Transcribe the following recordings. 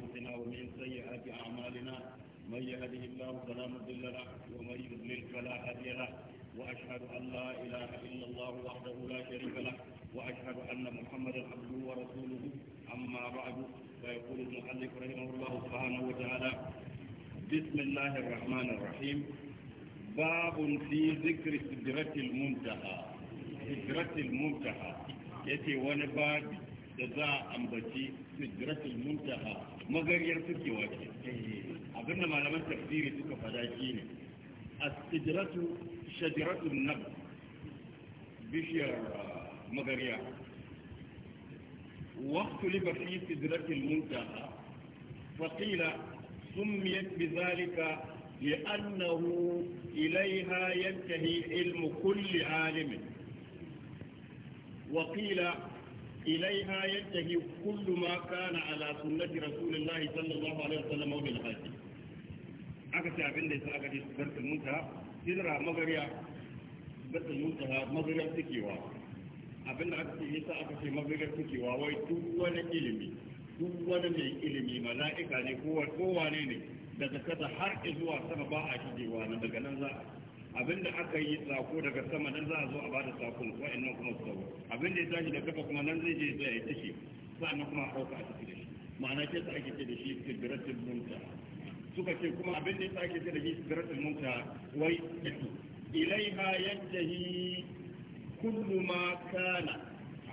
أنفسنا ومن سيئات أعمالنا من يهده الله فلا مضل له ومن يضلل فلا هادي له وأشهد أن لا إله إلا الله وحده لا شريك له وأشهد أن محمدا عبده ورسوله أما بعد فيقول المؤلف رحمه الله سبحانه وتعالى بسم الله الرحمن الرحيم باب في ذكر سدرة المنتهى سدرة المنتهى يتي ونباب جزاء أمبتي a المنتهى, sidratul magariyar sukewa ce abin da malaman tafsiri suka fada shi ne astidratu shajaratun nab bishiyar magariya waktu liba fi sidratil muntaha faqila summiyat bidhalika لأنه إليها ينتهي علم كل عالم وقيل ilai haiyyantaki kulluma kana a latin na jirgin lullayi sallah zaɓu alayya sallam maududin kashi aka ce abin da ya san aka gaji su gargajiya fitar a magani a su gargajiya a maganin abin da aka kicin ya aka cewa maganin cikin cewa wai duk ilimi duk mai ilimi malaika na isa ne kowanne ne daga kasa har in zuwa saba ba a cikin wani daga nan zaɓe. abinda aka yi sako daga sama nan za a zo a bada sakon wa'annan kuma su sau abinda ya tashi da kafa kuma nan zai je ya ciki sa'annan kuma a ɗauka a tafi da shi ma'ana ke sa ake ce da shi sidratul munta suka ce kuma abinda ya sa ake ce da shi sidratul munta wai ilaiha yantahi kullu ma kana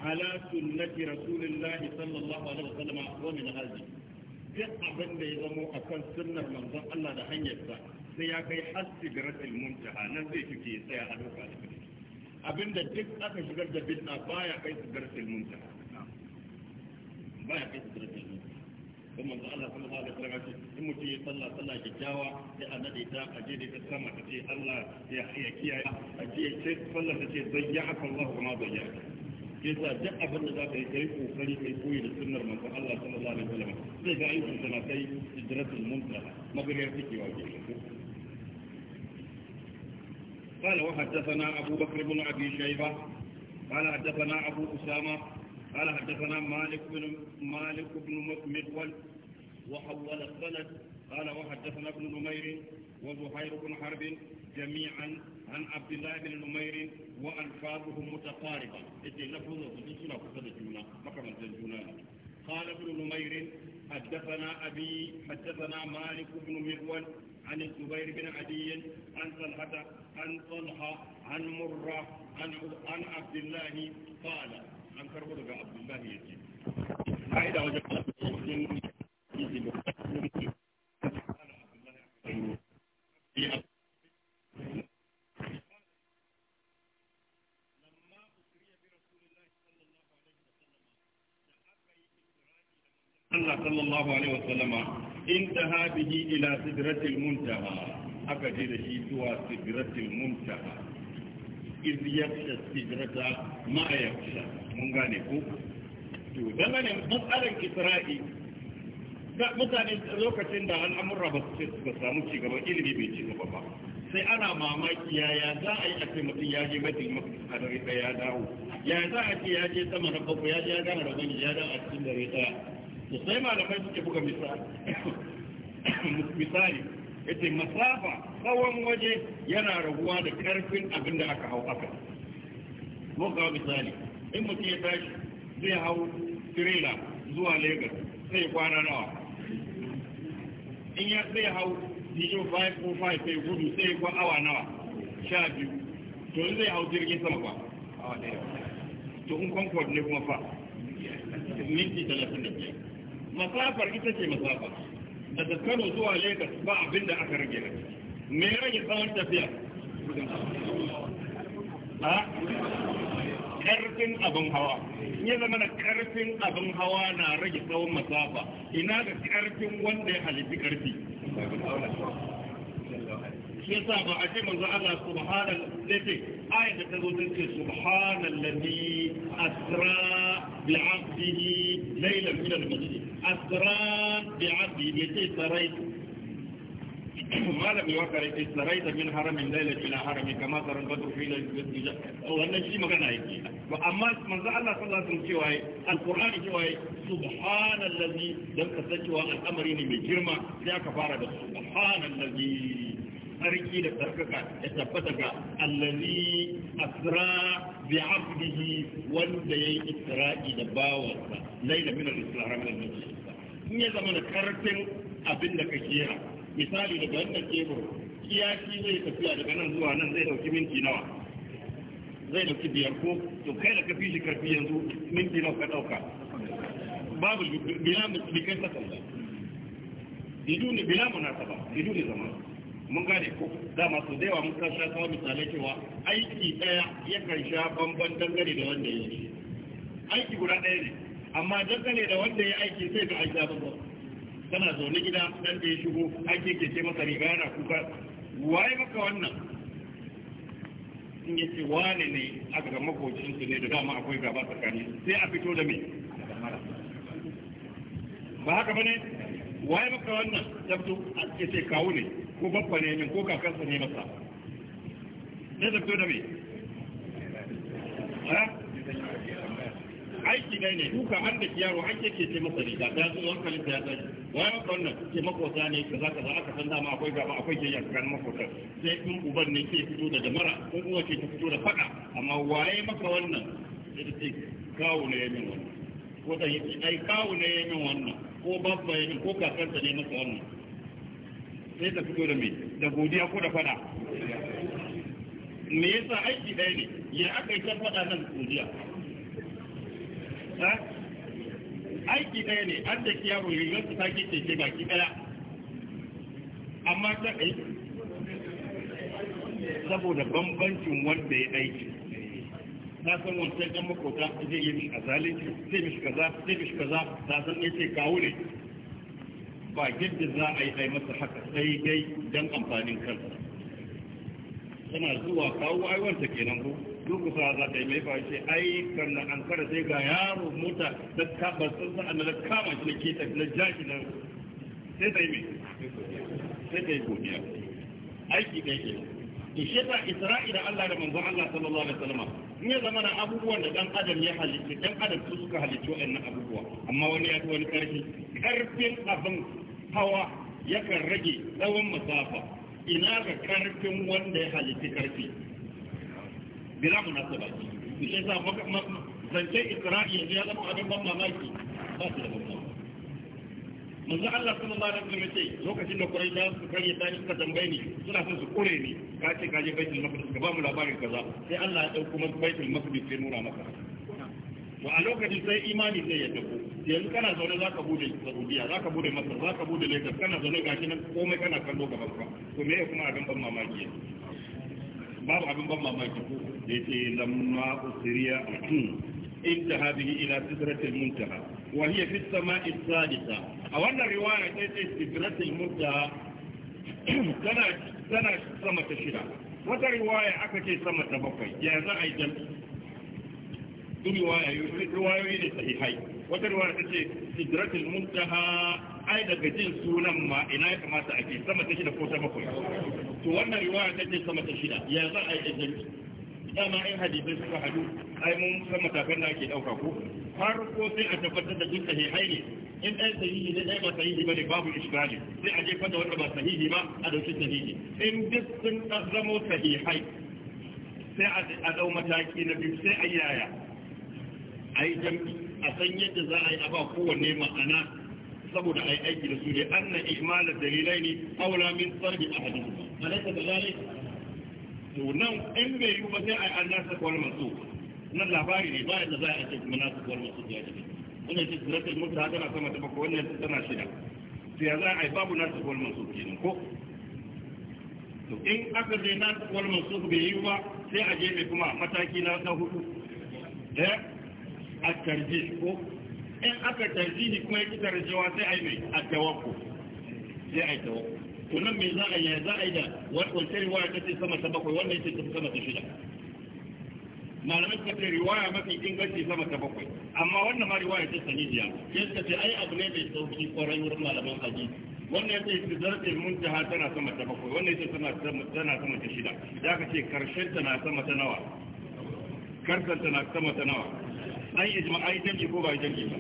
ala sunnati rasulillahi sallallahu alaihi wasallam wa min hadhihi duk abin da ya zamo akan sunnar manzon Allah da hanyarsa sai ya kai har sigaratul muntaha nan zai fike tsaya a doka da kudi abinda duk aka shigar da bid'a baya kai sigaratul muntaha baya kai sigaratul muntaha kuma manzo Allah sallallahu alaihi wasallam ce in mutum ya sallah sallah kikkiawa sai a nade ta a je da ta sama ta ce Allah ya ya kiyaye a je ce sallah ta ce aka Allah kuma zayyaka yasa duk abin da za ka yi kai kokari kai koyi da sunnar manzo Allah sallallahu alaihi wasallam zai ga ayyukan da kai sidratul muntaha magariyar take wa ke قال وحدثنا أبو بكر بن أبي شيبة قال حدثنا أبو أسامة قال حدثنا مالك بن مالك بن مقول وحول السند قال وحدثنا ابن نمير وزهير بن حرب جميعا عن عبد الله بن نمير وألفاظهم متقاربة إذن لفظه تجسنا فسد الجنة مكما تجسنا قال ابن نمير حدثنا أبي حدثنا مالك بن مروان عن الزبير بن عدي عن طلحة عن طلحة عن مرة عن عن عبد الله قال عن كربلاء عبد الله يجي. sallallahu alaihi wasallama intaha bihi ila sidratil muntaha aka je da shi zuwa sidratil muntaha iz yaksha sidrata ma yaksha mun gane ko to dangane matsalar isra'i mutane lokacin da al'amura ba su samu cigaba ilimi bai cigaba ba sai ana mamaki ya za a yi a ce ya je mafi a dare ya dawo ya za a ce ya je sama na bakwai ya je ya gana da wani ya dawo a cikin dare ɗaya to sai malamai suke buga misali misali yace masafa tsawon waje yana raguwa da karfin abin da aka hau aka mun ga misali in mutum ya tashi zai hau tirela zuwa Lagos sai kwana nawa in ya zai hau dijo 545 sai gudu sai kwa awa nawa sha biyu to zai hau jirgin sama ba to in concord ne kuma fa minti talatin da biyar masafar ita ce masafa daga Kano zuwa Lagos ba abin da aka rage rage me ya rage tsawon tafiya a ƙarfin abin hawa ya zama na karfin abin hawa na rage tsawon masafa ina ga karfin wanda ya halitti karfi shi ba a ce manzo Allah subhana lafi ayat da zo ta ce asra bi abdihi min al-masjid asra bi abdihi yace sarai malam ya kare sarai da min haramin ila harami kama fi wannan shi magana yake ba amma manzo Allah sallallahu alaihi wasallam cewa alqur'ani cewa dan kasancewa al'amari ne mai girma sai aka fara da subhanallazi Sarki da sarkaka, ya tabbata ga allazi asra bi abdihi wanda yayi isra'i da bawansa laila min al-islam in ya zama da karfin abin da ka kera misali da daga wannan kebur kiyaki zai tafiya daga nan zuwa nan zai dauki minti nawa zai dauki biyar ko to kai da ka fi shi karfi yanzu minti nawa ka dauka babu bila bikan sakon na biduni bila munasaba ne zaman mun gane ko dama su da yawa mun ka sha kawo misalai cewa aiki daya kan sha bamban dangane da wanda ya yi aiki guda daya ne amma dangane da wanda ya aiki sai ga aiki ba kana zaune gida dan da ya shigo ake ke ce masa riga yana kuka waye maka wannan in yace wane ne a ga su ne da dama akwai gaba tsakani sai a fito da me ba haka bane waye maka wannan tabto a ce kawo ne ko bakwa ne min ko kakansa ne masa ne da fito da me aiki dai ne duka an da kiyaro an yake ce masa riga ta zo hankalin ta ya tashi wayan wannan ke makota ne kaza kaza aka san dama akwai gaba akwai ke kan makotan sai kun uban ne ke fito da damara ko kuma ce ta fito da faka amma waye maka wannan sai ta ce kawo ne yamin wannan ko da yi ai kawo ne yamin wannan ko babba yamin ko kakansa ne masa wannan sai ta fito da mai da godiya ko da fada me yasa aiki ɗaya ne ya aka yi ta fada nan godiya aiki ɗaya ne an da kiyawo rigar ce sake keke baki ɗaya amma ta aiki saboda bambancin wanda ya aiki na san wancan ɗan makota zai yi min azalin zai mishi kaza zai mishi kaza na san ne sai kawo ne ba yadda za a yi ai masa haka sai dai don amfanin kansa tana zuwa kawo aiwanta kenan ko duk sa za ta yi mai ce. ai kan an kara sai ga yaro mota da ka ba san sa an da kama shi ne kita na jaki na sai ta yi mai sai ta yi godiya aiki ɗaya kenan shi yasa isra'ila Allah da manzon Allah sallallahu alaihi wasallam in ya zama abubuwan da dan adam ya halitta dan adam su suka halitta wannan abubuwa amma wani ya wani karfi karfin abin hawa yakan rage tsawon masafa ina ga karfin wanda ya halitta karfi bila munasaba shi yasa zance isra'ila ya zama abin ban mamaki ba su da ban manzo Allah sallallahu alaihi wasallam yace lokacin da da su kare ta suka tambaye ni suna son su kore ni ka ce ka je baitul maqdis ka ba mu labarin kaza sai Allah ya dauko mu baitul maqdis sai nuna maka to a lokacin sai imani sai ya dauko yanzu kana zaune ka bude Saudiya ka bude Masar za ka bude Lagos kana zaune gashi nan komai kana kallo gaban ka to me ya kuma abin ban mamaki babu abin ban mamaki ko da yake lamma usriya intaha bihi ila sidratil muntaha wa hiya fi as-sama'i as-sadisa a wannan riwaya ta ce sidratul muntaha tana tana sama ta shida wata riwaya aka ce sama ta bakwai ya za a yi dan riwaya yi ne sahihai wata riwaya ta ce sidratul muntaha ai daga jin sunan ma ina ya kamata a ke sama ta shida ko ta bakwai to wannan riwaya ta ce sama ta shida ya za a yi dan dama in hadisi suka hadu ai mun san ta da ake dauka ko har ko sai a tabbatar da duk sahihai ne in ɗaya sahihi ne ɗaya ba sahihi ba ne babu iskali sai a je da wanda ba sahihi ba a dauki sahihi in duk sun zamo sahihai sai a dau mataki na biyu sai a yaya a yi jam'i a san yadda za a yi a ba kowanne ma'ana saboda a yi aiki da su ne an na ihmalar dalilai ne aula min sarbi a hadisi alaika da lalai to nan in bai yi ba sai a yi an nasa kwalmasu nan labari ne ba yadda za a ce kuma nasa kwalmasu ya jami'a ina ji suratul mutah tana sama ta bakwai wannan tana shida to ya za a yi babu nasu wal mansub kenan ko to in aka je nasu wal mansub bai yi ba sai a je mai kuma mataki na hudu eh a tarje ko in aka tarjihi kuma ya kita rajewa sai a yi mai a tawakku sai a yi tawakku to nan mai za a yi za a yi da wancan riwaya ta ce sama ta bakwai wannan ce ta sama ta shida malamai suka ce riwaya mafi inganci sama ta bakwai amma wannan ma riwaya ta sahihiya yadda ce ai abu ne mai sauki koran wurin malaman hadisi wannan yace ki zarfe muntaha tana sama ta bakwai wannan yace tana tana sama ta shida da ka ce karshen na sama ta nawa karshen ta na sama ta nawa ai ijma jama'a ai jami'i ko ba jami'i ba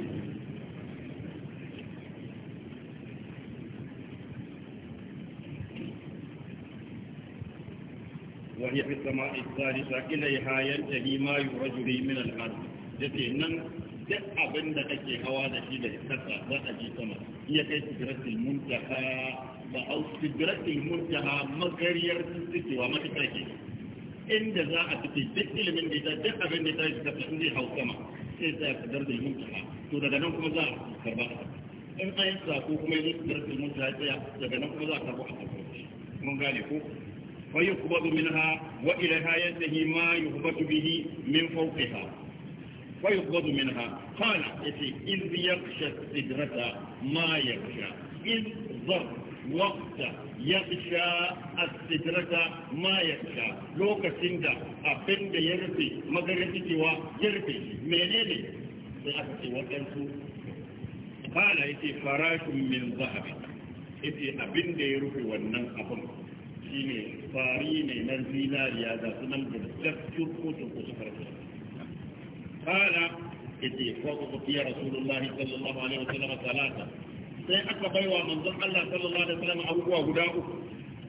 وهي في السماء الثالثة إليها ينتهي ما يرجري من الأرض يتي نن duk abin da kake hawa da shi da kasa za a ji sama iya kai sidratul muntaha ba au sidratul muntaha magariyar tsikewa mafita ke inda za a fice duk ilimin da ya duk abin da ya tashi kasa in zai hau sama sai sai sidratul muntaha to daga nan kuma za a karba in an yi sako kuma yi sidratul muntaha tsaya daga nan kuma za a karba a karba mun gane ko ويقبض منها وإليها ينتهي ما يهبط به من فوقها ويقبض منها قال إذ يغشى السدرة ما يغشى إذ ضرب وقت يغشى السدرة ما يغشى لو كسند أبند يرفي مغرفي سوى يرفي منين سأكتي وقنسو قال إتي فراش من ذهب إتي أبند يرفي ونن أبند shine fari ne na zinariya ga sunan da duk cuku cuku su farko قال إذ وقف في رسول الله صلى الله عليه وسلم ثلاثة سيأك بيوى من ظن الله صلى الله عليه وسلم أبوه هداه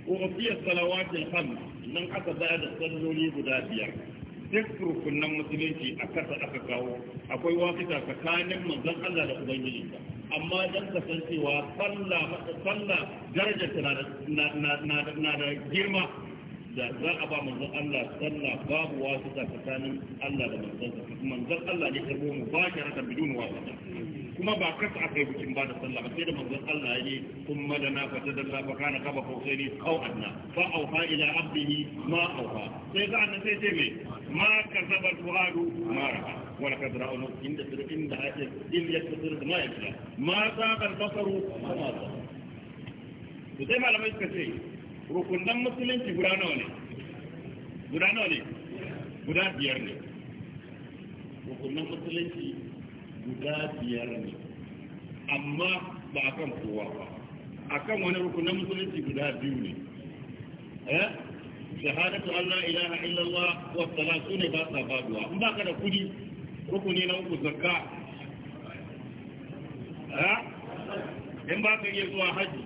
وغفية الصلوات الخمس من أكا بعد الصلولي هدابيا dukkan rukunan musulunci a kasa aka kawo akwai wakita tsakanin manzon Allah da ubangiji amma dan kasancewa sallah sallah na da girma da za a ba manzon Allah sallah babu wasu da tsakanin Allah da manzon manzon Allah ne karbo mu ba shi raka bidun wasa kuma ba kasa aka yi bikin ba da sallah ba sai da manzon Allah ya yi kun madana fa ta dalla fa kana kaba ko sai ni au anna fa auha ila abdihi ma auha sai ga annabi sai ce me ma kazaba fuadu ma ra'a wala kad ra'a inda inda ake in yaktasir ma yakra ma saqa kan basaru ma saqa to sai malamai suka ce rukunan musulunci guda nawa ne guda nawa ne guda biyar ne rukunan musulunci guda biyar ne amma ba a kan kowa ba a kan wani rukunan musulunci guda biyu ne eh shahadatu Allah ilaha illallah wa salatu ne ba sa faduwa in ka da kudi rukuni na uku zakka eh in ba ka iya zuwa haji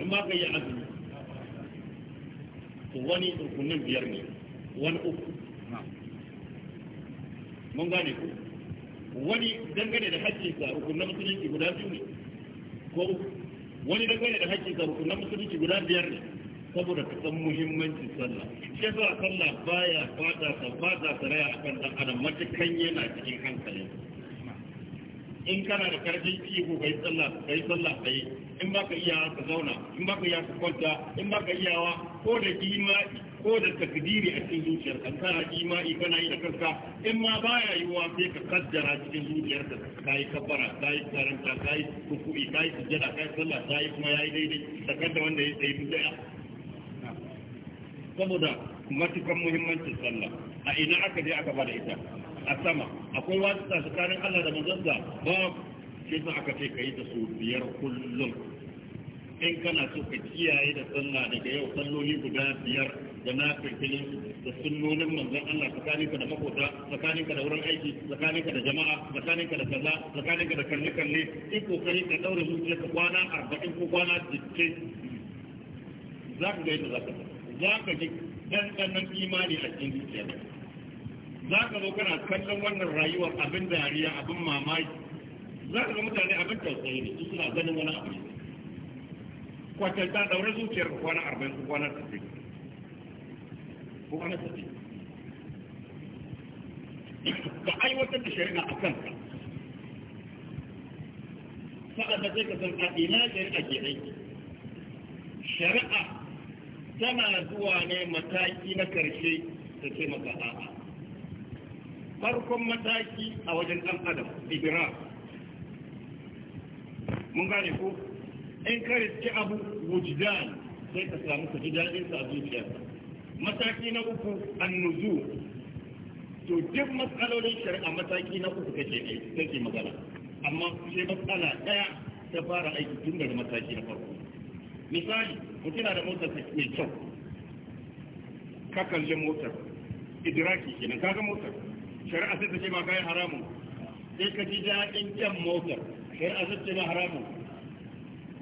in ba ka iya azumi to wani rukunin biyar ne wani uku mun gane ku wani dangane da ga rukunin musulunci guda biyu ne ko uku wani dangane da ga rukunin musulunci guda biyar ne saboda ka san muhimmancin sallah shi yasa sallah baya fada ta fada ta raya akan dan adam matukan yana cikin hankali in kana da karfin iko kai sallah kai sallah kai in ba ka iya ka zauna in ba ka iya ka kwanta in ba ka iyawa ko da imani ko da takdiri a cikin zuciyar ka kana imani kana yi da kanka in ma baya yiwuwa sai ka kaddara cikin zuciyar ka kai kabbara kai karanta kai kufu'i kai sujjada kai sallah kai kuma yayi daidai da kanta wanda ya tsaye bid'a saboda matukan muhimmancin sallah a ina aka je aka bada ita a sama akwai wasu tsakanin Allah da manzon sa ba sai sa aka ce ka yi da su biyar kullum in kana so ka kiyaye da sallah daga yau salloli guda biyar da na firfilin da sunnonin manzon Allah tsakaninka da makota tsakaninka da wurin aiki tsakaninka da jama'a tsakaninka da kaza tsakaninka da kalle kalle in kokari ka daure zuciya ka kwana arba'in ko kwana 60 za ka ga yadda za ka za ka ji dandanan imani a cikin zuciya za ka zo kana kallon wannan rayuwar abin dariya abin mamaki za ka ga mutane abin tausayi ne su suna ganin wani abu ne ta daura zuciyar kwana arba'in ku kwana sittin ko kwana ka aiwatar da shari'a a ka. sa'ad da zai ka san a ina shari'a ke aiki shari'a tana zuwa ne mataki na karshe ta ce maka a'a farkon mataki a wajen ɗan adam Ibrahim. mun gane ko in ka riske abu wujudan sai ka samu ka ji daɗin sa a zuciya. mataki na uku annuzu to duk matsalolin shari'a mataki na uku kake ne kake magana amma sai matsala ɗaya ta fara aiki tun daga mataki na farko misali mutum da motar mai kyau ka kalli motar idraki kenan ga motar shari'a sai ta ce ba kai haramun sai ka ji daɗin kyan motar shari'a zai ce ma haramun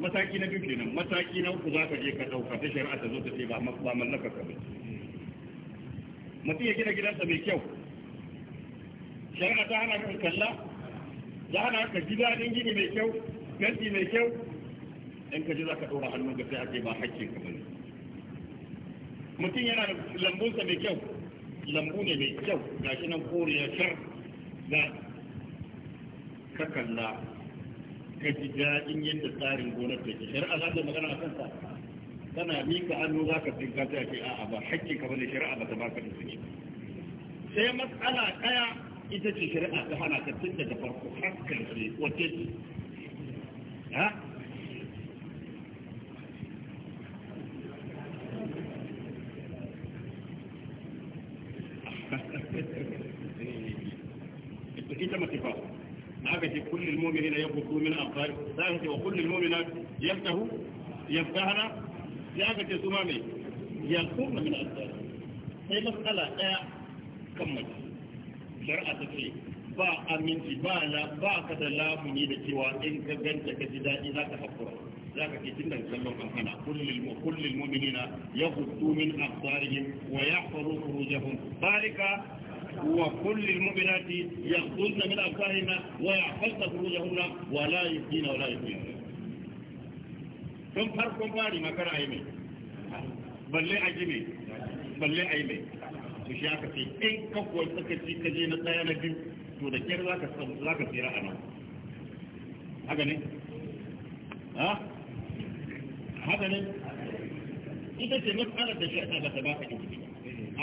mataki na biyu kenan mataki na uku za ka je ka ɗauka ta shari'a ta zo ta ce ba mallaka ka ba mutum ya gina gidansa mai kyau shari'a ta hana ka kalla ta hana ka gida din gini mai kyau fenti mai kyau in ka ji za ka ɗora hannun ka sai a ce ba hakkin ka bane mutum yana da lambunsa mai kyau lambu ne mai kyau gashi nan koriya shar da ka kalla ka ji daɗin yadda tsarin gonar ta ke shari'a za ta magana a kansa tana mika hannu za ka tsinka ta ce a'a ba hakkin ka bane shari'a ba ta baka da suke sai matsala ɗaya ita ce shari'a ta hana ka tun daga farko har karshe wace ce ha ita mace fa في كل المؤمنين يبقوا من أبطال ذاك وكل المؤمنات يفتح يفتحنا ذاك سمامي sai من أبطال هي مسألة كمت شرعة ba aminci ba la ba ka da lamuni da cewa in ka ganta ka ji daɗi za ka haƙura za ka cikin da kallon kankana kullum mu'minina min absarihim wa yahfazu furujahum barika. وكل المؤمنات يغضن من أبصارهن ويحفظن فروجهن ولا يزين ولا يزين ثم فرق باري ما كان عيمي balle a ji mai balle a yi mai su shi aka ce in kafuwar sakaci ka je na tsaya na biyu to da kyar za ka tsira a nan haka ha? da shi a ta ba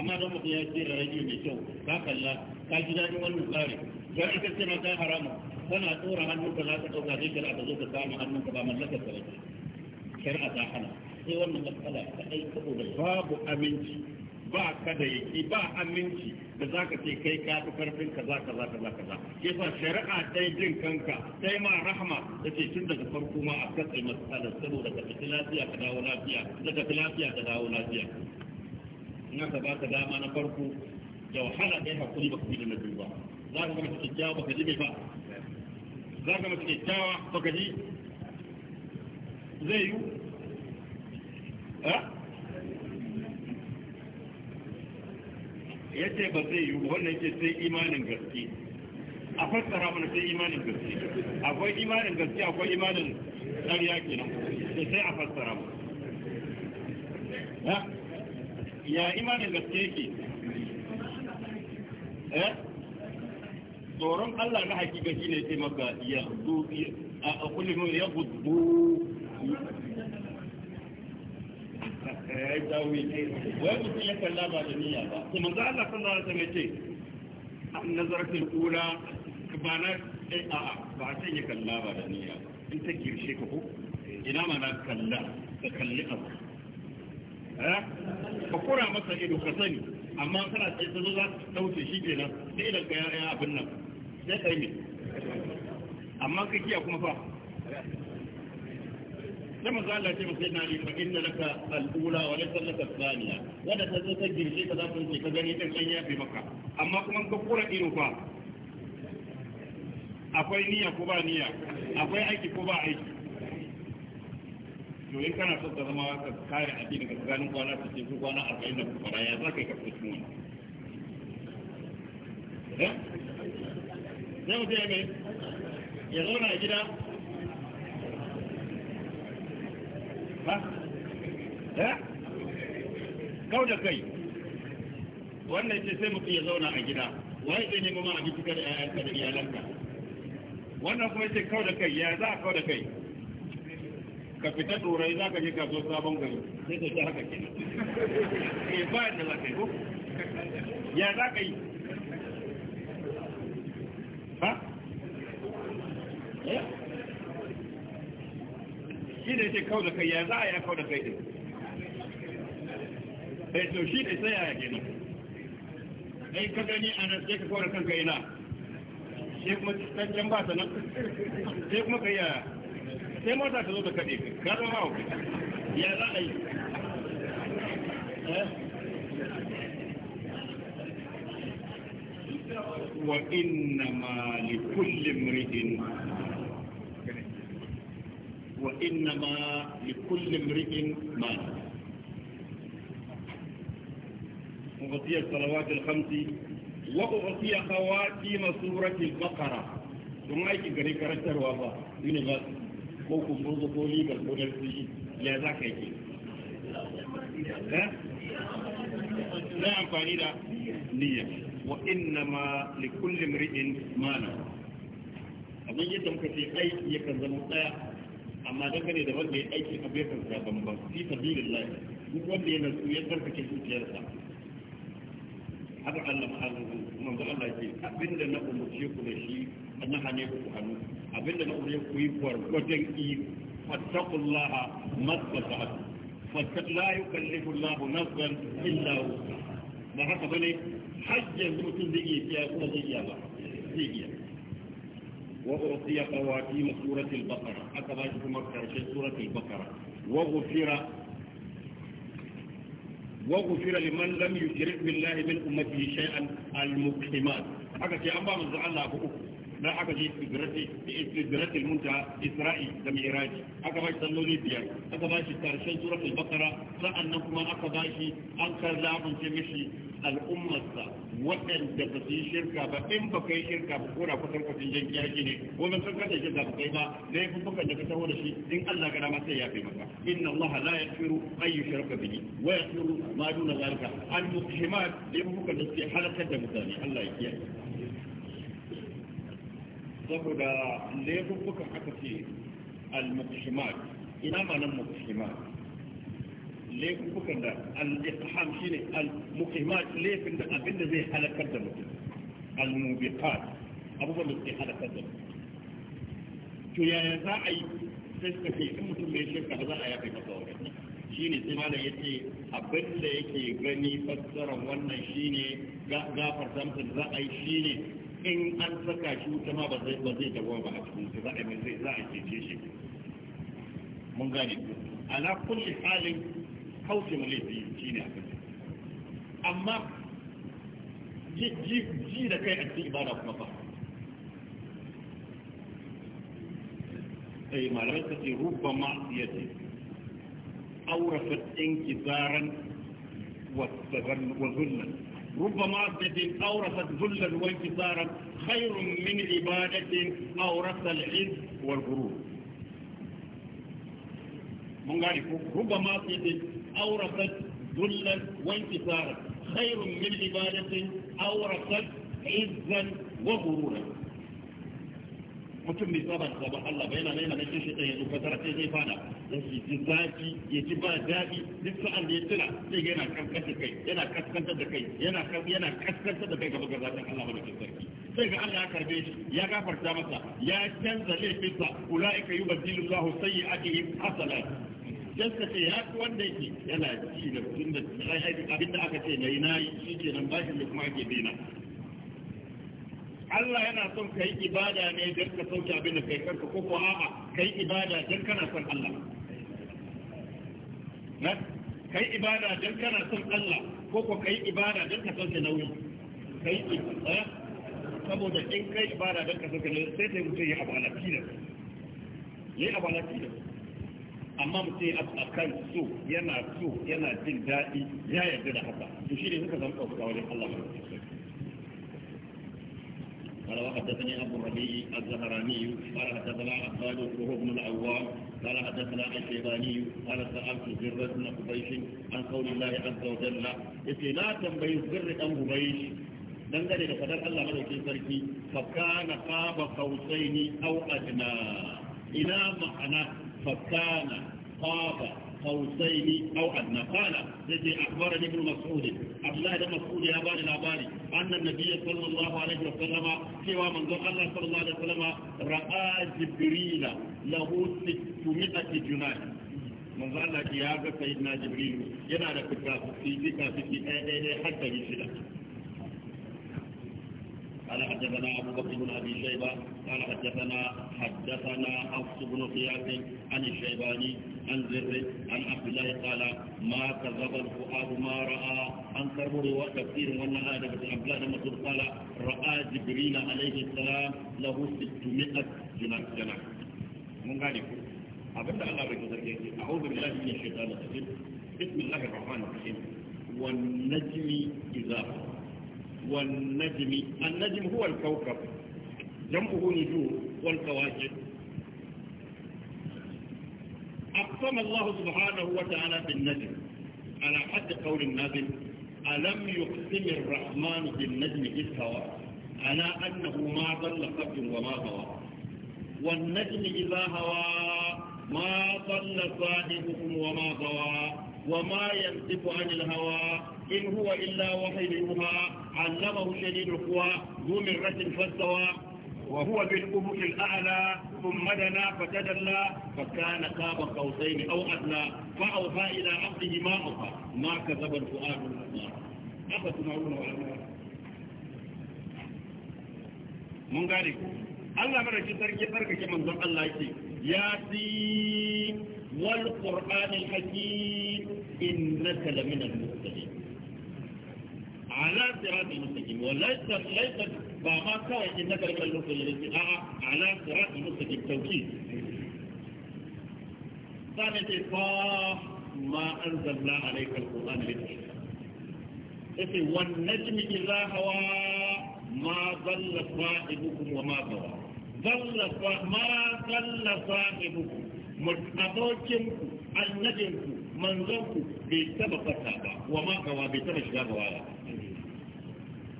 amma don mutum ya da rediyo mai kyau ba kalla ka ji daɗin wannan tsari don ita ce ma ta harama tana tsora hannunka za ka ɗauka zai kira ta zo ka kama hannunka ba mallakar ka rage shari'a ta hana sai wannan matsala ta ɗai saboda babu aminci ba ka da yaki ba aminci da za ka ce kai ka fi karfin ka za ka za ka za ka za ke sa shari'a ɗai jin kanka sai ma rahama ta ce tun daga farko ma a katse matsalar saboda ka tafi lafiya ka dawo lafiya daga lafiya ka dawo lafiya in aka baka dama na farko da wahala kai hakuri ba kuma da na ba za ka ga mace kyakkyawa baka ji mai ba za ka mace kyakkyawa baka ji zai yi eh? ya ce ba zai yi wannan ce sai imanin gaske a fassara mana sai imanin gaske akwai imanin gaske akwai imanin ƙarya kenan sai a fassara mana eh? ya imanin gaske yake eh tsoron Allah na hakika shine sai maka ya du a kullum ya gudu eh dawi wai mutum ya kalla ba da niyya ba kuma manzo Allah sallallahu alaihi wasallam ce nazaratul ula ba na eh, a ba sai ya kalla ba da niyya ba in ta girshe ka ko ina ma na kalla ka kalli abu Eh? ka kura masa ido ka sani amma kana tsaye ta zo za ka dauce shi kenan sai idan ka yaya abin nan sai kai ne amma ka kiya kuma fa sai manzo Allah ce masa yana lifa inna laka al-ula wa laysa laka tsaniya thaniya wanda ta zo ta girce ka za ka ce ka gani ɗin kan yafe maka amma kuma ka kura ido fa akwai niyya ko ba niyya akwai aiki ko ba aiki to kana son ka zama ka kare aki ka tsakanin kwana ta ce kwana arba'in da kufara ya za ka yi wani mutu ya mai ya zauna a gida ha eh? kau da kai wannan ce sai ya zauna a gida wai zai nemo ma abinci ka iyalanka wannan kuma ce kau da kai ya za a kau da kai ka fita turai za ka je kaso sabon gari sai ka ta haka ke eh ba da za ka yi ko ya za ka yi ha eh? shi ya ce kawo da kai ya za a ya kawo da kai din eh to shi da sai ya kenan dai ka gani a nan sai ka kawo da kanka ina sai kuma can ba ta nan sai kuma kai ya sai mota ta zo da kaɗe ka zama hauka ya za a yi wa innama li kulli mri'in wa innama li kulli mri'in ma أغطية الصلوات الخمس وأغطية خواتيم سورة البقرة ثم أيك قريب كرتر والله من غاز ko kumburzu ko ligar ko yi ya za ka yi eh? na amfani da niyya wa inna ma li kulli mri'in mana abin yadda muka ce aiki kan zama daya amma kare da wanda ya aiki a bai kan sa bambam fi sabilillah duk wanda ya nasu ya tsarkake sa. haka Allah kuma ba Allah ce abinda na umurce ku da shi أن حنيفك حنو أبدا نؤريك ويبور وتنئير فاتقوا الله مصد فحد فاتق لا يكلف الله نصدا إلا هو ما حسب لي إيه؟ في أسنى ذيئي إيه؟ إيه؟ وأعطي قواتيم سورة البقرة حسب أجل سورة البقرة وغفر وغفر لمن لم يجرئ بالله من أمته شيئا المقسمات حكا في أمام الزعال الله أبو na aka je sidrati sidrati munta isra'i da miraji aka ba shi salloli biyar aka ba shi karshen suratul baqara sa'annan kuma aka ba shi an kallabunce mishi al'ummarsa waɗanda ba su yi shirka ba in ba kai shirka ba ko da kusan kusan jan kiyaki ne ko ban san kada shirka ba kai ba dai kun bukan da ka taho da shi in Allah ga dama sai ya fi maka inna Allah la firu an yushraka bihi wa yaghfiru ma duna zalika al-muhimmat dai kun bukan da suke halakar da mutane Allah ya kiyaye saboda laifuffukan aka ce al-muqshimat ina ma nan muqshimat laifuffukan da al-iqham shine al-muqshimat laifin da abinda zai halakar da mutum al-mubiqat abubuwan da suke halakar da mutum to yaya za a yi sai suka ce in mutum bai shirka ba za a yafe masa wajen shi ne sai malam yace abin da yake gani fassarar wannan shine gafarta mutum za a yi shine in an saka shi wuta ma ba zai ba zai dawo ba a cikin su za a mai zai za a cece shi mun gane ku ala kulli halin kauce mu laifi shine akan amma ji da kai a cikin ibada kuma ba ai malamai ta ce rubba ma ya ce aurafat inkizaran wa zulman ربما عبدة أورثت ذلا وانتصارا خير من عبادة أورث العز والغرور من قالك ربما عبدة أورثت ذلا وانتصارا خير من عبادة أورثت عزا وغرورا mutum mai sabar sabar Allah bai na nuna na shi shi ɗaya zuwa tara zai fada yake zafi ya ji ba daɗi duk sa'an da ya sai yana kaskanta da kai yana yana kaskanta da kai sarki sai ga Allah ya karbe shi ya gafarta masa ya canza laifinsa ulaika yubaddilu Allahu sayyi'atihim hasanat ce ya wanda yake yana da da aka ce nayi nayi shi ke nan bashin da kuma ake Allah yana son ka yi ibada ne don ka sauke abin da kai karka ko ko a'a ka yi ibada don kana son Allah na kai ibada don kana son Allah ko ko kai ibada don ka sauke nauyi kai ibada eh? saboda in kai ibada don ka sauke nauyi sai ta mutum ya abu alaƙi da ya abu alaƙi amma mutum a kan so yana so yana jin daɗi ya yarda da haka to shi ne suka zama ɗauka wajen Allah ba قال وحدثني ابو الربيع الزهراني قال حدثنا عباد وهو ابن الاوام قال حدثنا الشيباني قال سألت زر بن قبيش عن قول الله عز وجل إذ لا تنبي زر أم قبيش dangane da fadar Allah madaukin sarki fakana qaba qausaini aw adna ina ma'ana fakana qaba قوسين أو أدنى قال الذي أخبرني ابن مسعود عبد الله بن مسعود يا بني الأباري أن النبي صلى الله عليه وسلم سوى من ذو الله صلى الله عليه وسلم رأى جبريل له 600 جناح manzo Allah ya ga sayyidina Jibril yana da fuka fuki fuka fuki ɗaya ɗaya har da shida قال حدثنا أبو بكر بن أبي شيبة قال حدثنا حدثنا حفص بن قياس عن الشيباني عن زر عن عبد الله قال ما كذب الفؤاد ما رأى عن كربر وتفسير وأن هذا بن عبد الله مسعود قال رأى جبريل عليه السلام له 600 جناح جناح من قال abin da Allah bai kusa ke ce a hauzu billahi min shaitanir rajim bismillahir rahmanir rahim wan najmi idza والنجم النجم هو الكوكب جمعه نجوم والكواكب أقسم الله سبحانه وتعالى بالنجم على حد قول النازل ألم يقسم الرحمن بالنجم إذ هوى على أنه ما ضل قبل وما هوى والنجم إذا هوى ما ضل صاحبكم وما هوى وما ينطق عن الهوى إن هو إلا وحي يوحى علمه شديد القوى ذو مرة فاستوى وهو بالأفق الأعلى ثم دنا فتدلى فكان قاب قوسين أو أدنى فأوفى إلى عبده ما أوفى ما كذب الفؤاد الله أفتمعون وأنا mun gane ku Allah madaukin sarki sarkake manzon Allah yake ya si wal qur'anil hakim innaka laminan mursalin على صراط المستقيم وليس ليس بما كان انك لك المستقيم آه، آه، على صراط المستقيم توكيد ثانية فا ما انزلنا عليك القران لتشكر والنجم اذا هوى ما ضل صاحبكم وما غوى ضل ما ضل صاحبكم متقوكم النجم منظركم بسبب فتاة وما غوى بسبب شباب وعلى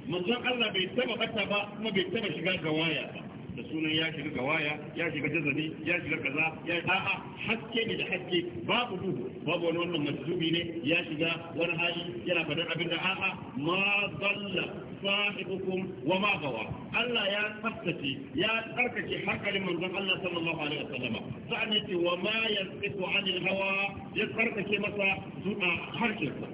manzon Allah bai taba bata ba kuma bai taba shiga gawaya ba da sunan ya shiga gawaya ya shiga jazali ya shiga kaza ya a'a haske ne da haske babu duhu babu wani wannan majzubi ne ya shiga wani hali yana fadar abin da a'a ma dalla wa ma gawa Allah ya tsaftace ya tsarkake hankalin manzon Allah sallallahu alaihi wasallama sa'an yace wa ma yantiqu anil hawa ya tsarkake masa zuwa harshensa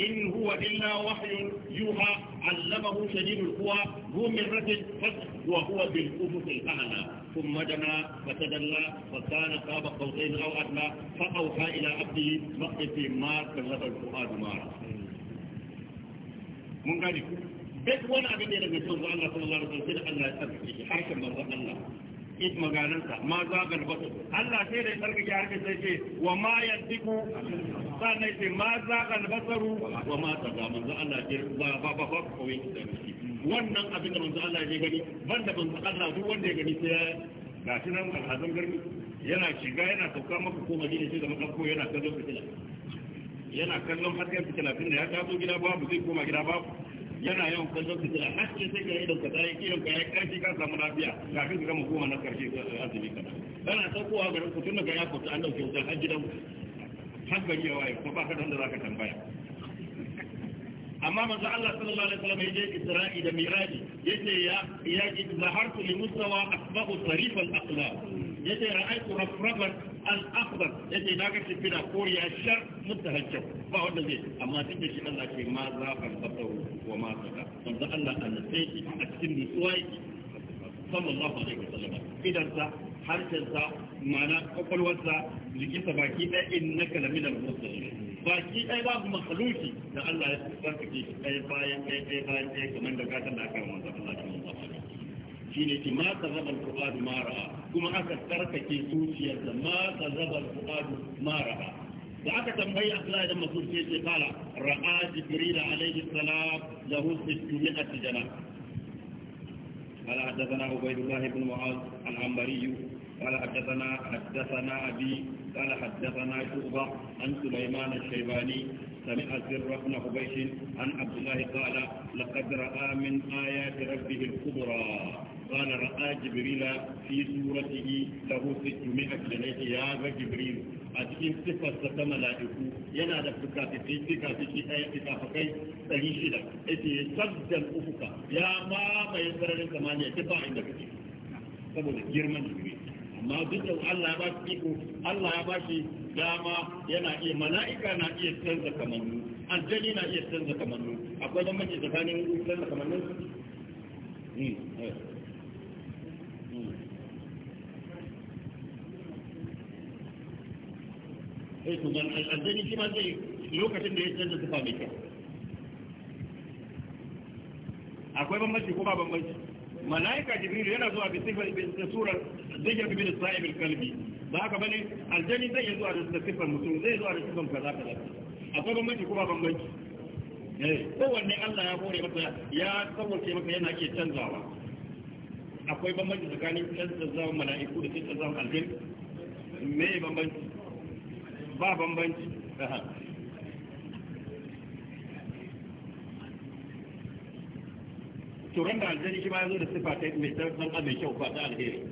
إن هو إلا وحي يوحى علمه شديد القوى ذو مرة فتح وهو بالأفق الأعلى ثم دنا فتدلى فكان قاب قوسين أو أدنى فأوحى إلى عبده مقتل ما كذب الفؤاد ما من قال duk wani abin da ya daga cikin Allah sallallahu alaihi wasallam sai Allah ya tsare shi harshen manzon Allah maganansa ma Allah sai da ya tsarkake harkar sai ce wa ma yaddiku sannan ce ma wa ma manzo Allah ba ba ba ba ki da wannan abin da manzo Allah ya gani manzo Allah duk wanda gani sai ya nan alhazan garbi yana shiga yana sauka maka ko madina sai da makafko yana kallon fitila yana kallon hasken fitila tun da ya taso gida babu zai koma gida babu yana yawan kallon su tana har sai ka idan ka yi kiran ka ya karfi ka samu lafiya kafin ka gama goma na karshe azumi kana kana saukowa garin ku tun daga ya fito an ɗauke wutar har gidan har gari ya waye ko ba ka dan da zaka tambaya amma manzo Allah sallallahu alaihi wasallam je Isra'i da Miraji yace ya ya zahartu li mustawa asbahu sarif al-aqlab yace ra'aytu rafrafan al-akhdar yace na ga shimfida koriya shar mutahajjab ba wanda zai amma duk da shi Allah ce ma zafan basau wa ma sada manzo Allah annabi a cikin nutsuwa yake sallallahu alaihi wasallam idan sa harshensa mana kwakwalwarsa jikinsa baki ɗaya in na kalamin da mursalin baki ɗaya babu makaluki da Allah ya tsarkake shi ɗaya bayan ɗaya ɗaya bayan ɗaya kamar da gatan da aka yi wa shine ki ma zaba al ma ra'a kuma aka tsarkake zuciyar da ma ka zaba al ma ra'a da aka tambayi Abdullahi dan Mas'ud ce kala ra'a Jibril alayhi salam lahu 600 jana قال قال حدثنا حدثنا أبي قال حدثنا شعبة عن سليمان الشيباني سمع سر بن حبيش عن عبد الله قال لقد رأى من آيات ربه الكبرى قال رأى جبريل في سورته له 600 جنيه يا جبريل a cikin siffarsa ta mala'iku yana da fukafikai fukafikai ɗaya fukafikai ɗari shida ita ya sabdan ufuka ya mamaye sararin samaniya ta ba inda kake saboda girman jibiri amma duk Allah ya ba shi iko Allah ya ba shi dama yana iya mala'ika na iya canza kamannu aljani na iya canza kamannu akwai dan mace tsakanin canza kamannu hmm, eh. Hmm. eh to dan aljani shi ma zai lokacin da ya canza sifa mai kyau akwai bambanci ko ba bambanci malaika jibril yana zuwa bi sifar bi surar zayyab bin sa'ib al-qalbi ba haka bane aljani zai zuwa da sifar mutum zai zuwa da sifar kaza kaza akwai bambanci kuma bambanci eh kowanne Allah ya hore maka ya sauke maka yana ke canzawa akwai bambanci tsakanin canzawan mala'iku da canzawan aljani me bambanci ba bambanci to ran da aljani shi ma ya zo da sifa ta mai tsarkan mai kyau ba ta alheri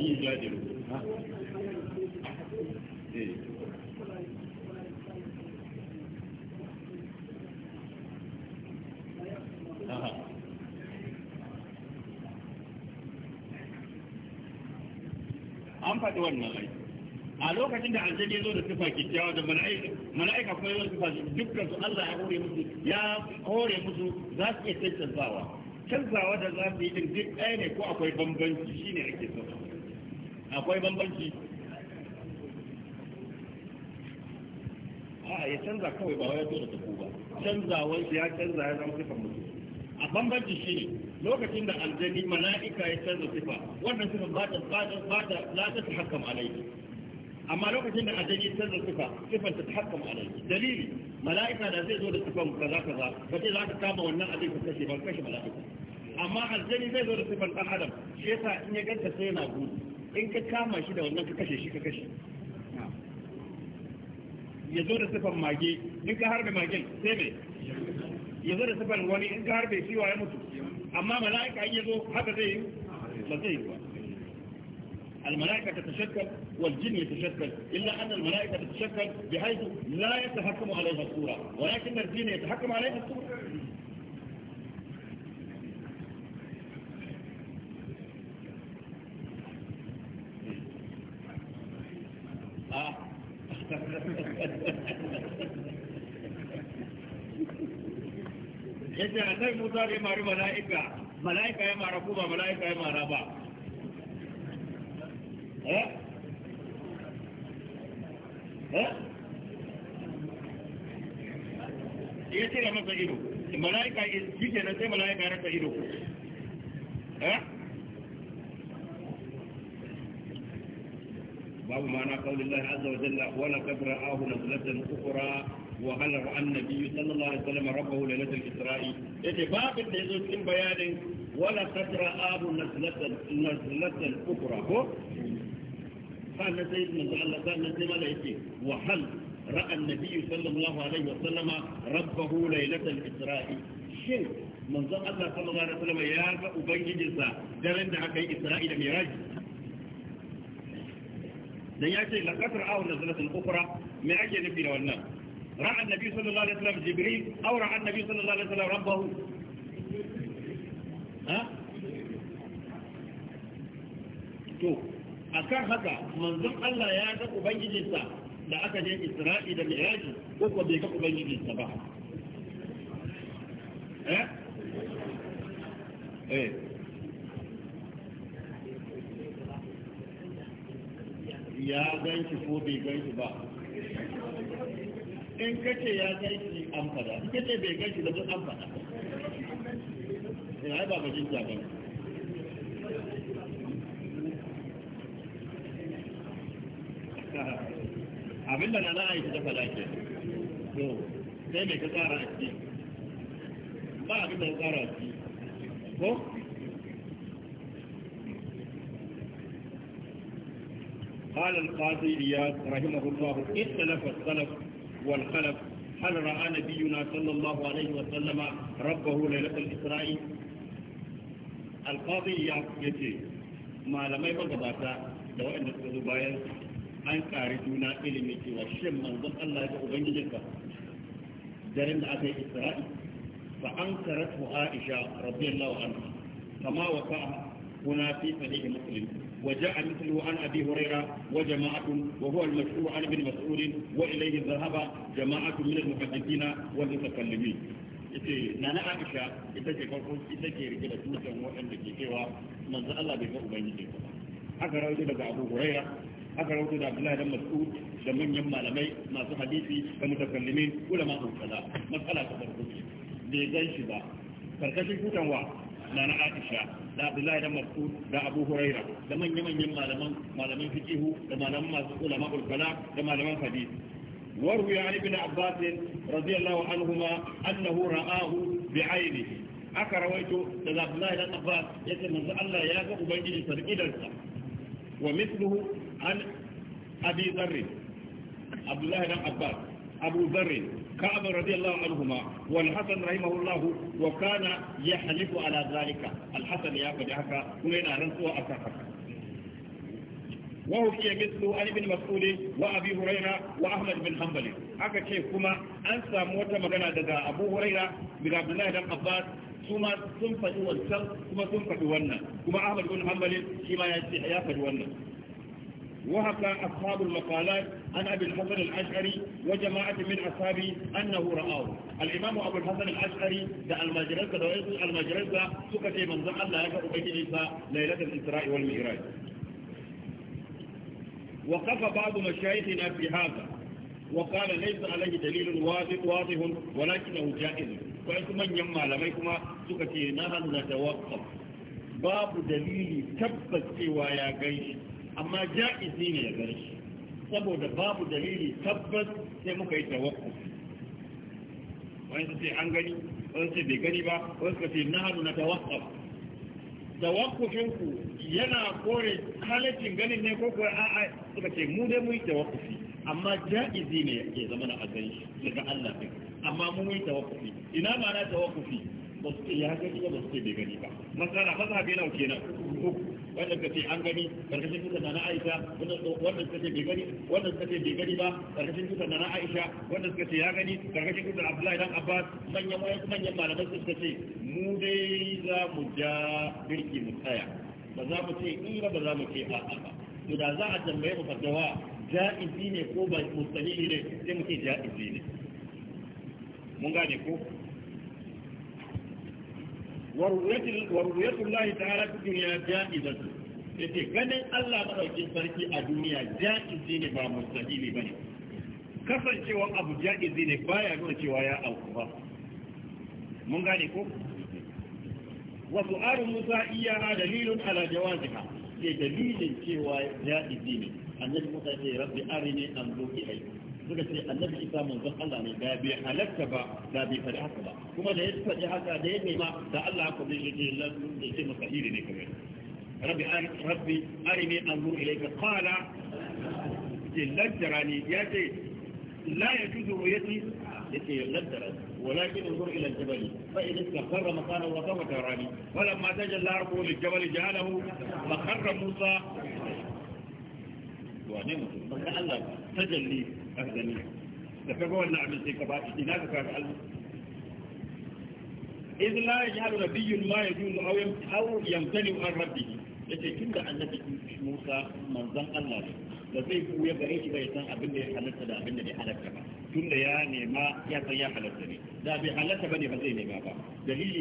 يجادلوا an faɗi wannan ai a lokacin da aljani ya zo da tufa kyakkyawa da mala'ika kuma ya zo tufa dukkan su Allah ya hore musu ya hore musu za su iya canzawa canzawa da za su yi din duk ɗaya ne ko akwai bambanci shine ake so akwai bambanci a ya canza kawai ba wai da tafi ba canzawar ya canza ya zama sifar mutum a bambanci shi lokacin da aljani mala'ika ya canza sifa wannan sifar ba ta ba ta ba ta la ta tahakkam alaihi amma lokacin da aljani ya canza sifa sifar ta tahakkam alaihi dalili mala'ika da zai zo da sifan kaza kaza ba zai za ka kama wannan abin ka kashe ba kashe mala'ika amma aljani zai zo da sifar dan adam shi yasa in ya ganta sai yana gudu in ka kama shi da wannan ka kashe shi ka kashe ya zo da sifan mage in ka harbe magen sai mai ya zo da sifan wani in ka harbe shi ya mutu amma mala'ika in ya zo haka zai yi ba zai yi ba الملائكة تتشكل والجن يتشكل إلا أن الملائكة تتشكل بحيث لا يتحكم عليها الصورة ولكن الجن يتحكم عليها الصورة yace annabi Musa da ya mari mala'ika mala'ika ya mara ko ba mala'ika ya mara ba eh eh ya da masa ido mala'ika shi kenan sai mala'ika ya rasa ido eh باب معنى قول الله عز وجل ولقد رآه نزلة أخرى وهل رأى النبي صلى الله عليه وسلم ربه ليلة الإسراء يجي باب النزول من بيان ولقد رآه نزلة نزلة أخرى قال سيدنا الله قال سيدنا الله وهل رأى النبي صلى الله عليه وسلم ربه ليلة الإسراء شيء من ذا الله صلى الله عليه وسلم يا أبنجي جزا درند حكي إسرائيل ميراج dan ya ce laqatar aw nazlatul ukhra me ake nufi da wannan ra'a annabi sallallahu alaihi wasallam jibril aw ra'a annabi sallallahu alaihi wasallam rabbahu ha to akan haka manzon Allah ya ga ubangijinsa da aka je Isra'i da Mi'raj ko ko bai ga ubangijinsa ba eh eh ya ganki ko bai ganki ba in kace ya ganki an fada in kace bai ganki ba an fada eh, ina ba ba jinta ba abin da na aiki da fada ke to sai mai ka tsara a ba abin da ya tsara a ko قال القاضي رياض رحمه الله اتلف الصلف والخلف هل رأى نبينا صلى الله عليه وسلم ربه ليلة الإسرائيل القاضي رياض يجي ما لم يبقى باتا لو أن تقضوا أن كاردونا إلمتي وشم من ضد الله يتقضي جنبا درم لأتي إسرائيل فأنكرته عائشة رضي الله عنها فما وقعها هنا في فريق مسلم وجاء مثله عن أبي هريرة وجماعة وهو المشهور عن ابن مسعود وإليه ذهب جماعة من المحدثين والمتكلمين ita na na Aisha ita ce farko ita ke rike da tutan waɗanda ke cewa manzo Allah bai ga ubangiji ba aka rawaito daga Abu Hurairah aka rawaito da Abdullah ibn Mas'ud da manyan malamai masu hadisi da mutakallimin ulama ulama masala ta farko bai gan shi ba karkashin tutan wa na na Aisha da Abdullahi da Mas'ud da Abu Huraira da manya manyan malaman malaman fiqhu da malaman masu ulama ul da malaman hadisi وروي عن ابن عباس رضي الله annahu ra'ahu رآه بعينه aka rawaito da Abdullahi dan Abbas yace manzo Allah ya ga ubangiji sarkidarsa wa mithluhu an Abi Dharr Abdullahi dan Abbas Abu Dharr كعب رضي الله عنهما والحسن رحمه الله وكان يحلف على ذلك الحسن يا فدحك وين أرنسوا أكثر وحكي مثل عن ابن مسعود وابي هريره واحمد بن حنبل haka ce kuma an samu wata magana daga Abu Huraira daga Abdullahi dan Abbas su faɗi wannan kuma Ahmad bin Hanbal shi ya ya faɗi wannan وهكا أصحاب المقالات عن أبي الحسن الأشعري وجماعة من أصحابه أنه رآه الإمام أبو الحسن الأشعري ده المجرسة ده المجرسة سكتي من ذا الله يفعل بيت إيسا ليلة الإسراء والمعراج وقف بعض مشايخنا في هذا وقال ليس عليه دليل واضح واضح ولكنه جائز فأنتم من يمع لميكما سكتي نهل نتوقف باب دليل تبت سوايا قيش amma ja'izi ne ya gani shi saboda babu dalili tabbas sai muka yi tawakkuf wani su ce an gani wani su bai gani ba wani su ce na hannu na tawakkufin ku yana kore halaccin ganin ne ko kuwa a'a suka ce mu dai mu yi tawakkufi amma ja'izi ne ya zama na azan daga Allah din amma mu yi tawakkufi ina ma na tawakkufi ba su ce ya gani ba ba su ce bai gani ba masana mazhabi nawa kenan uku wannan kace an gani karkashin dukan na Aisha wannan kace bai gani wannan kace bai gani ba karkashin dukan na Aisha wannan kace ya gani karkashin dukan Abdullahi dan Abbas manyan manyan malaman suka ce mu dai za mu ja birki mu tsaya ba za mu ce in ba za mu ce a ba to da za a tambaye mu fatawa ja'izi ne ko ba mustahili ne sai mu ce ja'izi ne mun gane ko ورؤية الله تعالى في الدنيا جائزة yake ganin Allah maɗaukin sarki a duniya ja'izi ne ba mustahili ba ne kasancewa abu ja'izi ne baya nuna cewa ya auku ba mun gane ko wa su'aru Musa iya dalilun ala jawaziha ke dalilin cewa ja'izi ne annabi Musa ce rabbi arini anzu ilayka suka ce annabi isa manzon Allah ne da bai halatta ba da bai faɗi haka ba kuma da ya faɗi haka da ya nema da Allah haka bai shi ce da ce masa iri ne kamar rabbi rabbi arini anzur ilayka qala ce lantarani ya ce la yajuzu ru'yati yace lantarani ولكن انظر إلى الجبل فإذا استقر مكانه وثبت راني فلما تجلى ربه للجبل جعله فخر موسى wane mutum banda Allah tajalli aka gani da kaga wannan abin sai ka ba Allah إذ لا يجعل نبي ما يجوز أو أو يمتنع عن ربه Musa ne da zai ba dalili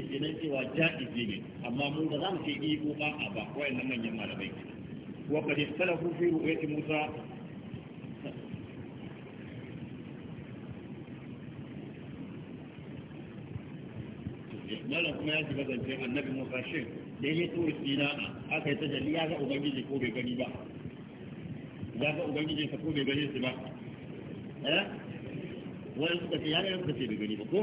kenan cewa amma a malamai وقد اختلفوا في رؤية موسى malam kuma ya shiga zance annabi Musa shin da ya to dina aka yi tajalli ya ga ubangiji ko bai gani ba ya ga ubangiji ka ko bai gani shi ba eh wani suka ce ya ga suka ce bai gani ba ko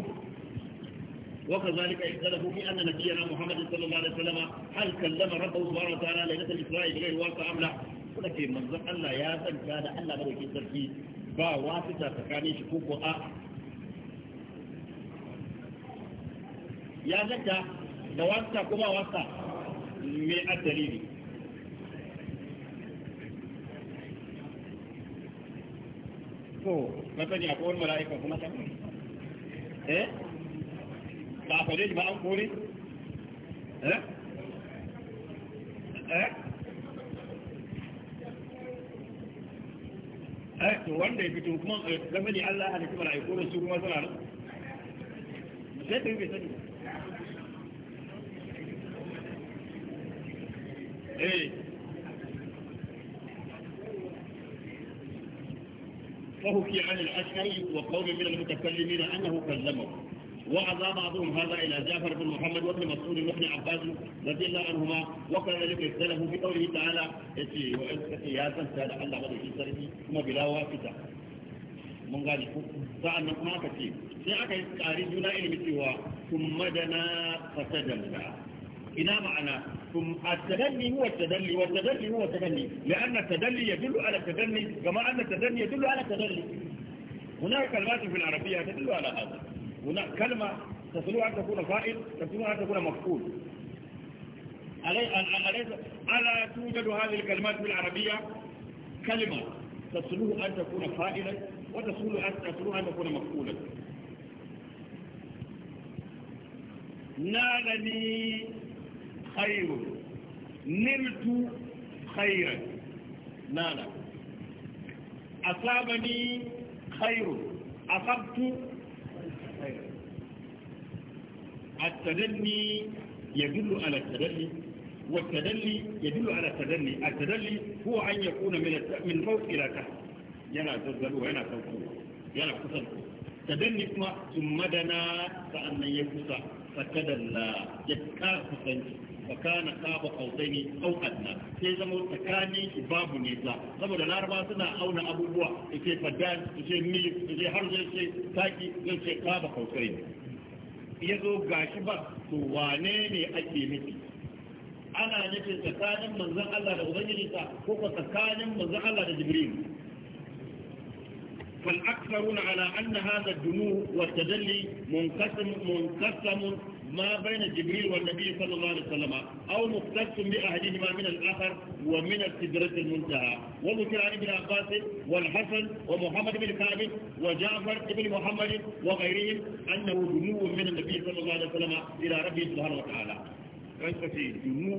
وكذلك اختلفوا في أن نبينا محمد صلى الله عليه وسلم هل كلم ربه سبحانه وتعالى ليلة الإسراء بغير واقع أم لا؟ ولكن منظر الله يا سن كان ألا ba التركيز با واسطة تكاني شكوك وآ ya zaka da wasa kuma wasa mai addalili to na sani a kowar mala'ika kuma ta eh ba a faɗe ba an kore eh eh eh to wanda ya fito kuma zama eh, ne Allah ya halitta mala'iku da su kuma suna nan sai ta yi bai sani فهكي عن الأشعري وقوم من المتكلمين أنه كلمه وعزى بعضهم هذا إلى جعفر بن محمد وابن مسعود وابن عباس رضي الله عنهما وكان ذلك اختلف في قوله تعالى يتي وإذ سادة الله وضع في سرده ثم بلا واسطة من غالب فأنا ما كتير سيأك يتعرض لنا إلى مثل ثم دنا فتدلنا إلى معنى ثم التدلي هو التدلي والتدلي هو التدلي لأن التدلي يدل على التدلي كما أن التدلي يدل على التدلي هناك كلمات في العربية تدل على هذا هناك كلمة تصلها أن تكون فائل تصلها أن تكون مفقود ألا توجد هذه الكلمات في العربية كلمة تصلوه أن تكون فائلا وتصلوه أن تكون مفقوده نالني خير نلت خيرا لا أصابني خير أصبت خير التدني يدل على التدني والتدلي يدل على التدني التدلي هو أن يكون من من فوق إلى تحت ينا تزلو ينا فوقه ينا كسر تدني كما ثم دنا فأن يكسر فتدلى يتكاف fakana kaba qausaini aw adna sai zama tsakani babu nisa saboda laraba suna auna abubuwa yace fadan yace mil yace har zai ce taki zai ce kaba qaba Ya zo gashi ba to wane ne ake nufi ana nufin tsakanin manzon Allah da ubangijinsa ko ko tsakanin manzon Allah da jibril فالأكثرون على أن هذا الدنو والتدلي منقسم منقسم ما بين جبريل والنبي صلى الله عليه وسلم أو مختص بأحدهما من الآخر ومن السدرة المنتهى وذكر عن ابن عباس والحسن ومحمد بن كعب وجعفر بن محمد وغيرهم أنه دنو من النبي صلى الله عليه وسلم إلى ربه سبحانه وتعالى wani suka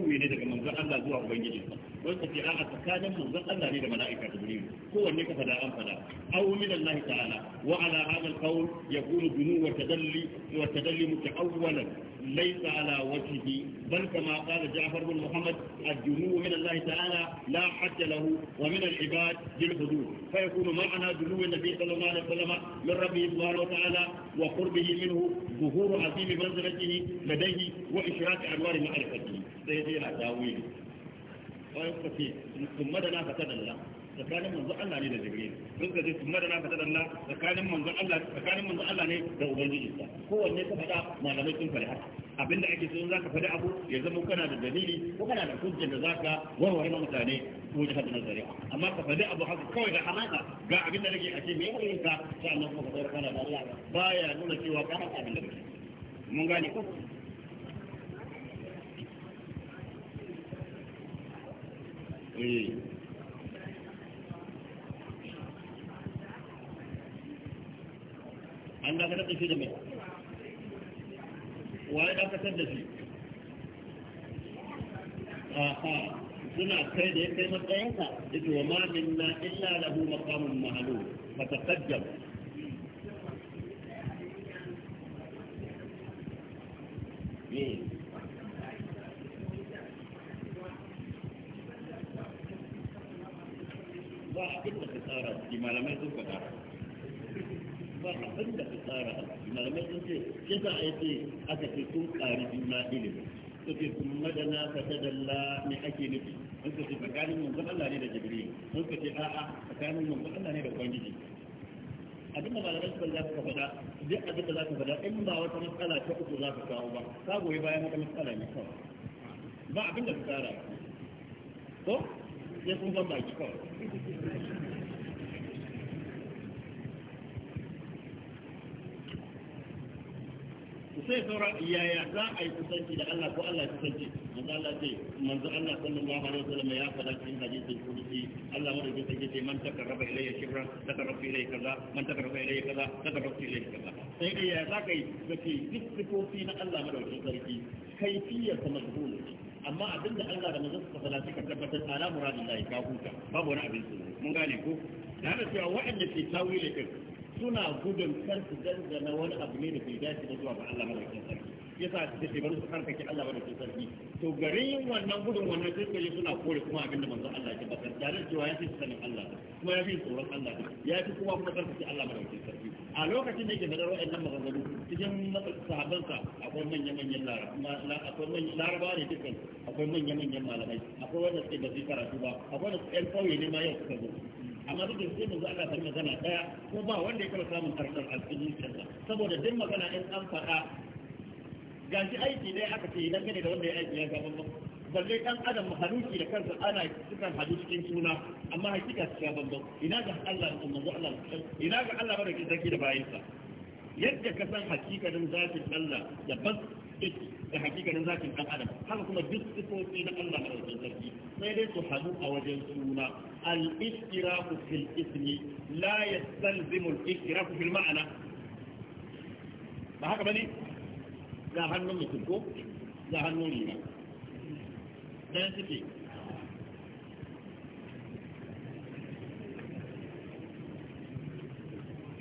ne daga manzon Allah zuwa ubangiji wani suka a'a tsakanin manzon Allah ne da mala'ika jibril kowanne ka fada an fada aw min Allah ta'ala wa ala hadha al-qawl yakunu dunu wa tadalli wa tadalli mutaawwalan ليس على وجهه بل كما قال جعفر بن محمد الدنو من الله تعالى لا حد له ومن العباد بالحدود فيكون معنى دنو النبي صلى الله عليه وسلم من ربه سبحانه وتعالى وقربه منه ظهور عظيم منزلته لديه وإشراك أنوار معرفته سيدي على تاويل ويقول ثم دنا فتدلى tsakanin manzo Allah ne da Jibril sun ka ce kuma da na fata Allah tsakanin manzo Allah tsakanin manzo Allah ne da ubangiji sa kowanne ka fada malamai sun fara haka abinda ake so zaka fada abu ya zama kana da dalili ko kana da hujja da zaka warware ma mutane ko da hadin nazari amma ka fada abu haka kawai da hamaka ga abinda nake a ce me yake ka sai Allah ko da kana da Allah baya nuna cewa kana abinda kake mun gane ko eh an dakatar da shi da mai waye da shi aha suna kai da ya kai matsayinka yake wa ma minna illa lahu ba da ka tsara malamai sun ba abin da ka tsara malamai sun ce shi za a yi aka ce sun ƙari juna ilimi suke sun madana ka fata dalla ne ake nufi sun ka ce tsakanin manzon Allah ne da jibril sun ka ce a'a tsakanin manzon Allah ne da ubangiji abin da malamai suka za ka faɗa duk abin da za ka faɗa in ba wata matsala ta uku za ka kawo ba ka goyi bayan wata matsala ne kawai ba abin da ka tsara ko sai kun ban baki kawai sai saura yaya za a yi kusanci da Allah ko Allah ya kusanci manzo Allah ce manzo Allah sallallahu alaihi wasallam ya faɗa cikin hadisi kudusi Allah wanda ke take ce man takarraba ilayya shirra takarraba ilayya kaza man takarraba ilayya kaza takarraba ilayya kaza sai dai ya za ka yi kace duk sifofi na Allah da madaukakin sarki kaifiyar ta mazhul amma abinda Allah da manzo suka faɗa suka tabbatar ala muradillahi ka huta babu wani abin su mun gane ko da haka cewa waɗanda ke tawile din suna gudun kar su dangana wani abu ne da bai dace da zuwa ga Allah madaukakin sarki yasa da ke bari su karkake Allah madaukakin sarki to garin yin wannan gudun wannan sai kai suna kore kuma abin da manzon Allah ya bakar tare da cewa ya fi sanin Allah kuma ya fi tsoron Allah ya fi kuma kuma karkake Allah madaukakin sarki a lokacin da yake da nan maganganu cikin sahabbansa akwai manyan manyan larabawa ne dukkan akwai manyan manyan malamai akwai wanda suke da su karatu ba akwai wanda su ƴan kauye ne ma yau suka zo amma duk da sai manzo Allah bai magana daya ko ba wanda ya taba samun karkar alƙinin kansa saboda duk magana in an faɗa gashi aiki dai aka ce idan gane da wanda ya aiki ya ga bambam balle dan adam haluki da kansa ana cikin hadu cikin suna amma hakika su ya bambam ina ga Allah da manzo Allah ina ga Allah madaukakin kike da bayinsa yadda ka san hakikanin zatin Allah da bas da hakikanin zakin dan adam haka kuma duk sifofi na Allah madaukakin sarki sai dai su hadu a wajen suna al-istiraku fil ismi la yastalzimu al-istiraku fil ma'ana ba haka bane ga hannun mutum ko ga hannun riga dan suke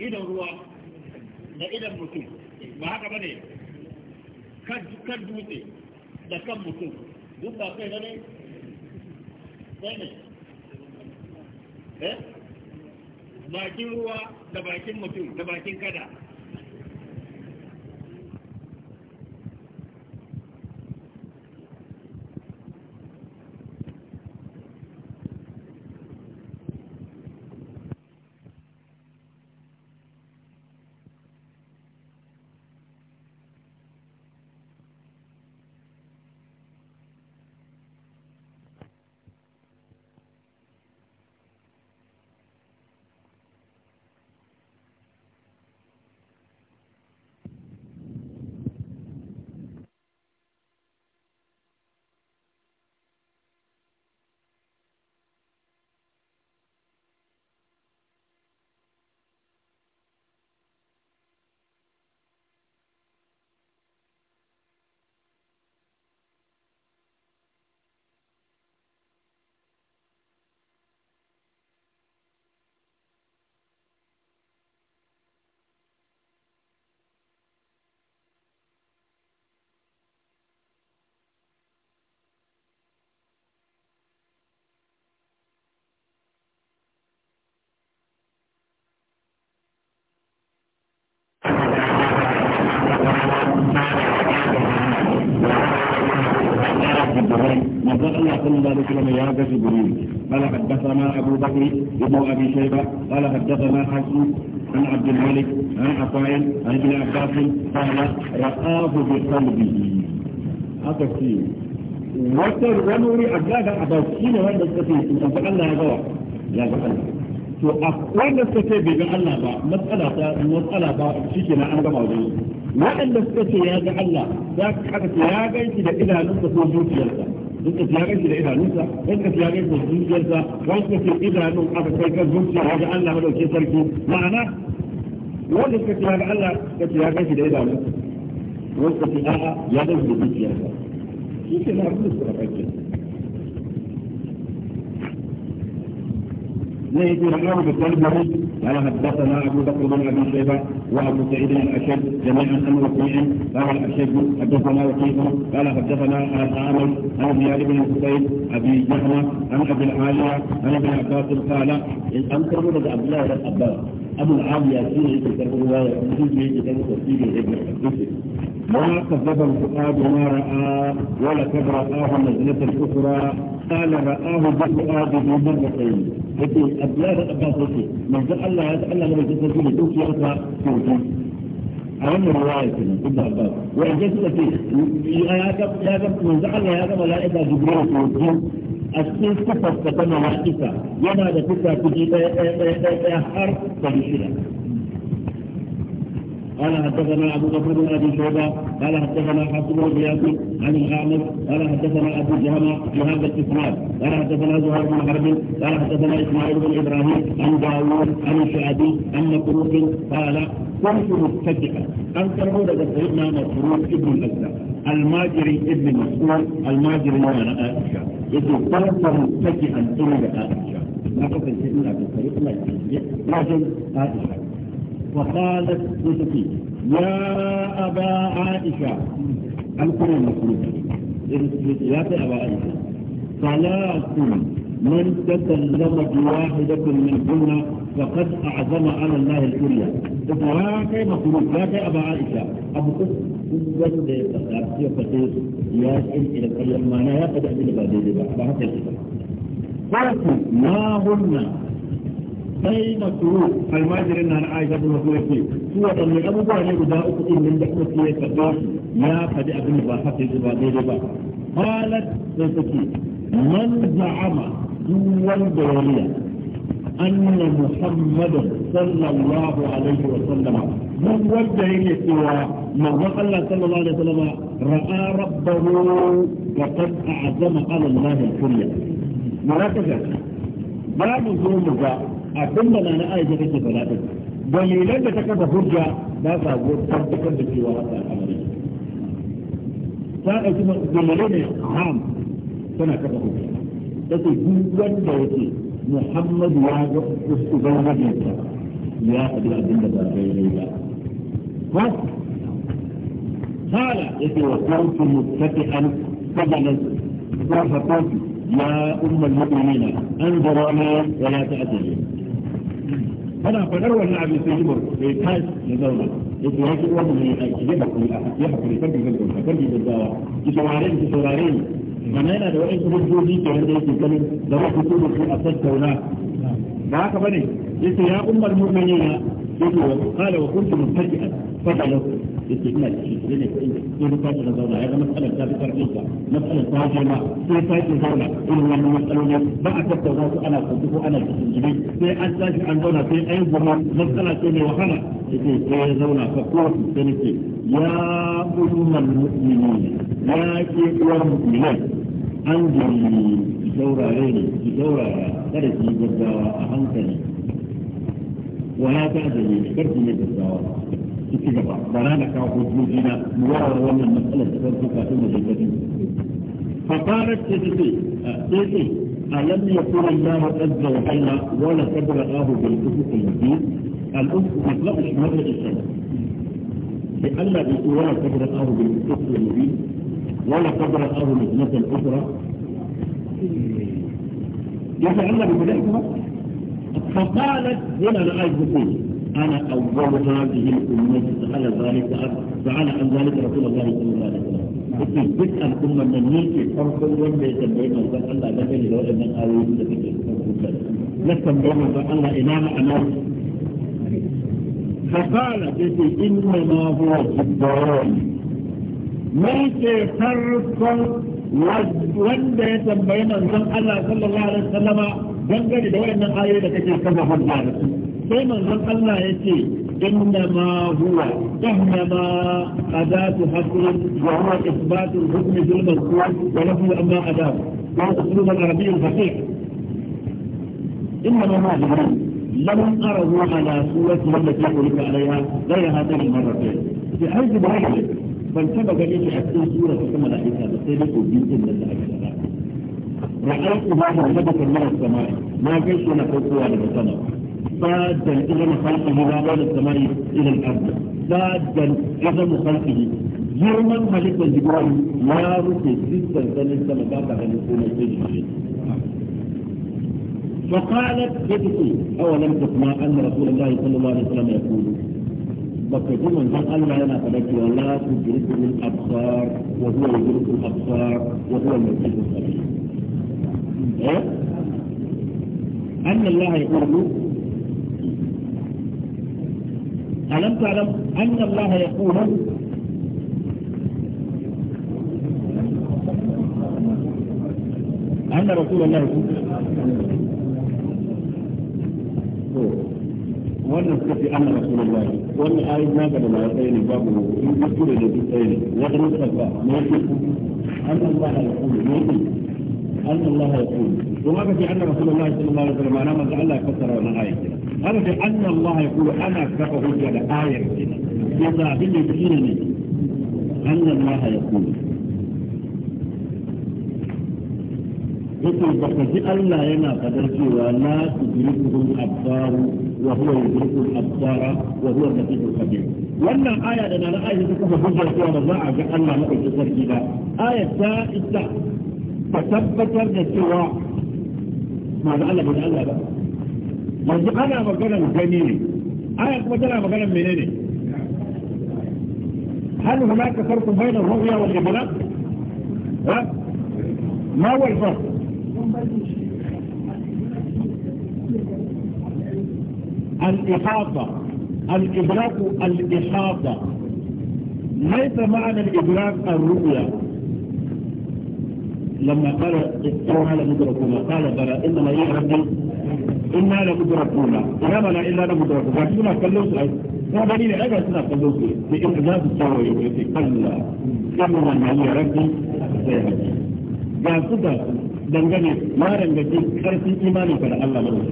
idan ruwa da idan mutum ba haka bane kan dutse da kan mutum duk ba kai ne sai ne eh bakin ruwa da bakin mutum da bakin kada الصحيح نزل الله صلى الله عليه وسلم يا جبريل قال حدثنا ابو بكر ابن ابي شيبه قال حدثنا حسن عن عبد الملك عن عطاء عن ابن عباس قال رآه بقلبه haka ce wata wani wuri a gada a baki ne wanda suka ce in Allah ya gawa ya ga Allah to a wanda suka ce bai ga Allah ba matsala ta matsala ba shike na an gama wajen waɗanda suka ce ya ga Allah ya ka ce ya ganki da idanunsa ko zuciyarsa duk da ya ganki da idanunsa duk da ya ganki da zuciyarsa wanda suka ce idanun aka kai kan zuciya ga Allah madauke sarki ma'ana wanda suka ce ya ga Allah suka ce ya ganki da idanunsa wanda suka ce a'a ya ganki da zuciyarsa shi ke na abin da suka fakke ليس بن بالتلبس قال حدثنا ابو بكر بن ابي شيبه وابو سعيد الاشد جميعا امر وكيع قال الاشد حدثنا وكيع قال حدثنا عامر عن زياد بن حسين ابي جهله عن ابي العاليه عن ابن عباس قال ان ولد عبد الله بن عباس أبو العالية فيه كتاب الرواية فيه كتاب تفسير الإبن حديث ما كذب الفؤاد ما رأى ولقد رآه نزلة الأخرى قال رآه بالفؤاد بمرتين لكن أبيار أباس من جعل الله يتعلم من التفسير دوك يرفع توجيه أهم الرواية ابن عباس وإن فيه يا من زعل يا ملائكة جبريل توجيه a cikin sifar da ta mawaƙisa yana da fuka kuji ɗaya ɗaya ɗaya ɗaya har ɗari shida قال حدثنا ابو بكر بن ابي شيبه قال حدثنا حفص بن غياث عن الغامض قال حدثنا ابو جهمه بهذا الاسناد قال حدثنا زهير بن حرب قال حدثنا اسماعيل بن ابراهيم عن داوود عن الشعبي عن مكروه قال كنت مبتدئا ان قد سيدنا مكروه ابن الازهر الماجري ابن مسعود الماجري انا اخشى يقول كنت مبتدئا ان عائشه قد قصد سيدنا ابو بكر لا عائشه فقالت بنتي يا أبا عائشة القرآن المكروه يا أبا عائشة ثلاث من تكلم بواحدة منهن فقد أعظم على الله الكرية إطلاق مخلوق يا أبا عائشة أبو كل يا فتير يا إلى الكريم ما لا يقدر إلى بعد ذلك ما هن sai masuru almajirin na aisha bin masuru yake su waɗanne abubuwa ne guda uku din nan da kuma fiye karɓa ya faɗi abin da ba haka yake ba daidai ba halat sai take man za'ama duk wanda waliya أن da صلى الله عليه وسلم من وجه سوى من الله صلى الله عليه وسلم رأى ربه وقد أعظم على الله الكلية مركزة باب زوم abinda na na aiki take faɗa din dalilan da ta kafa hujja ba sa go tabbatar da cewa haka amari ta aiki da dalilai ne ham tana kafa hujja ta ce duk wanda yake muhammadu ya ga ubangijinsa ya faɗi abin da ba daidai ba قال يتي وكنت متكئا فجلس ya يا ام المؤمنين انظر ma wala تعتذر kana faɗar wannan abin sai jibar mai taj na zauna ya ce wani uwa mai aiki ya hakuri ya haƙuri kan gidan gwamnati kan gidan dawa ki saurare ki saurare ni mana yana da wa'in hujjoji ke wanda yake ganin da za ku kuma su a tattauna ba haka ba ne ya ummar ya ce wa kala wa kuntum muttaqi'an fa yake ina ciki sai ne kuɗin da na tashi na zauna ya ga matsalar ta fi karfin ka matsalar ta girma sai ta ke zauna irin wannan matsaloli ba a tattauna su ana kuɗi ko ana cikin sai an tashi an zauna sai an yi goma matsala ce mai wahala yake sai ya zauna ka kowace sai nake ya ulumar mu'mini ya ke uwar mu'minai an gari ki saurare ne ki saurara kada ki gaggawa a hankali wa ya ta ajiye karki ne gaggawa su ci gaba ba na da kawo hujjoji na mu warware wannan matsalar da farko kafin mu shiga ciki fa qalat ce ce ce alam yakun Allah azza wa jalla wa la tabra'ahu bil ufuq al-mubin al-ufuq matlab shimala al-shams bi alla bi wa la tabra'ahu bil ufuq al-mubin wa la tabra'ahu mithnat al-ukhra يتعلم بذلك فقالت هنا انا عايز بقول انا اول هذه الامه فعل ذلك فعل عن ذلك رسول الله صلى الله عليه وسلم في جزء الامه من نيكي فرق وين بيتبعي من ذلك الله دخل الى وجه من اوي لست بين ذلك الله امام امام فقال جدي انما هو جبران نيكي فرق wanda ya tambayi manzon Allah sallallahu alaihi wasallama dangane da wayannan ayoyi da kake kafa hujja da su sai manzon Allah ya ce إنما هو إنما أداة حصر وهو إثبات الحكم في المذكور ولفظ أما أداة وهو أسلوب العربي الفقيه إنما هو لم أره على سورة التي خلق عليها غير هاتين المرتين بحيث بهذا بل سبق لي في أكثر سورة كما لا حساب السيدة وبيت النساء رأيت هذا هدف من السماء ما جئت نفسه على السماء بادا إلى خلقه ما بين السماء إلى الأرض بادا خلقه rufe sistan sanin sama ba ka فقالت تسمع رسول الله صلى الله عليه وسلم يقول Allah yana faɗa cewa la ألم تعلم أن الله يقول أن رسول الله يقول وأن نستطيع أن رسول الله وأن آيات ما قد ما يتأيني بابه إن أكبر إلى بيتأيني وأن نستطيع أن أن الله يقول موتي أن الله يقول وما قد أن رسول الله صلى الله عليه وسلم أنا ما جعل الله كثر من آياته أرجع أن الله يقول أنا أكتبه جل آية يضع بني بجينني أن الله يقول يقول بقى جئ الله ينا قدرك ولا تدركه الأبصار وهو يدرك الأبصار وهو نتيج الخبير وأن آية لنا آية تكون بجة وما ضاع جئ الله نقل جسر جدا آية سائدة فتبت نتوى ما لعل بجأ الله yanzu ana maganar gani ne kuma tana maganar هل هناك فرق بين الرؤيا ها؟ ما هو الفرق؟ الإحاطة الإدراك الإحاطة ليس معنى الإدراك الرؤيا لما قال استوى على قال بلى إنما يعرف inna la mudrakuna kana la illa la mudrakuna suna kallon su ai ko gani ne aga suna kallon su sai in za su tsawo ya ce kalla kamar wannan ya rabbi sai ya ga su da dangane ma dangane karfin imanin ka da Allah ba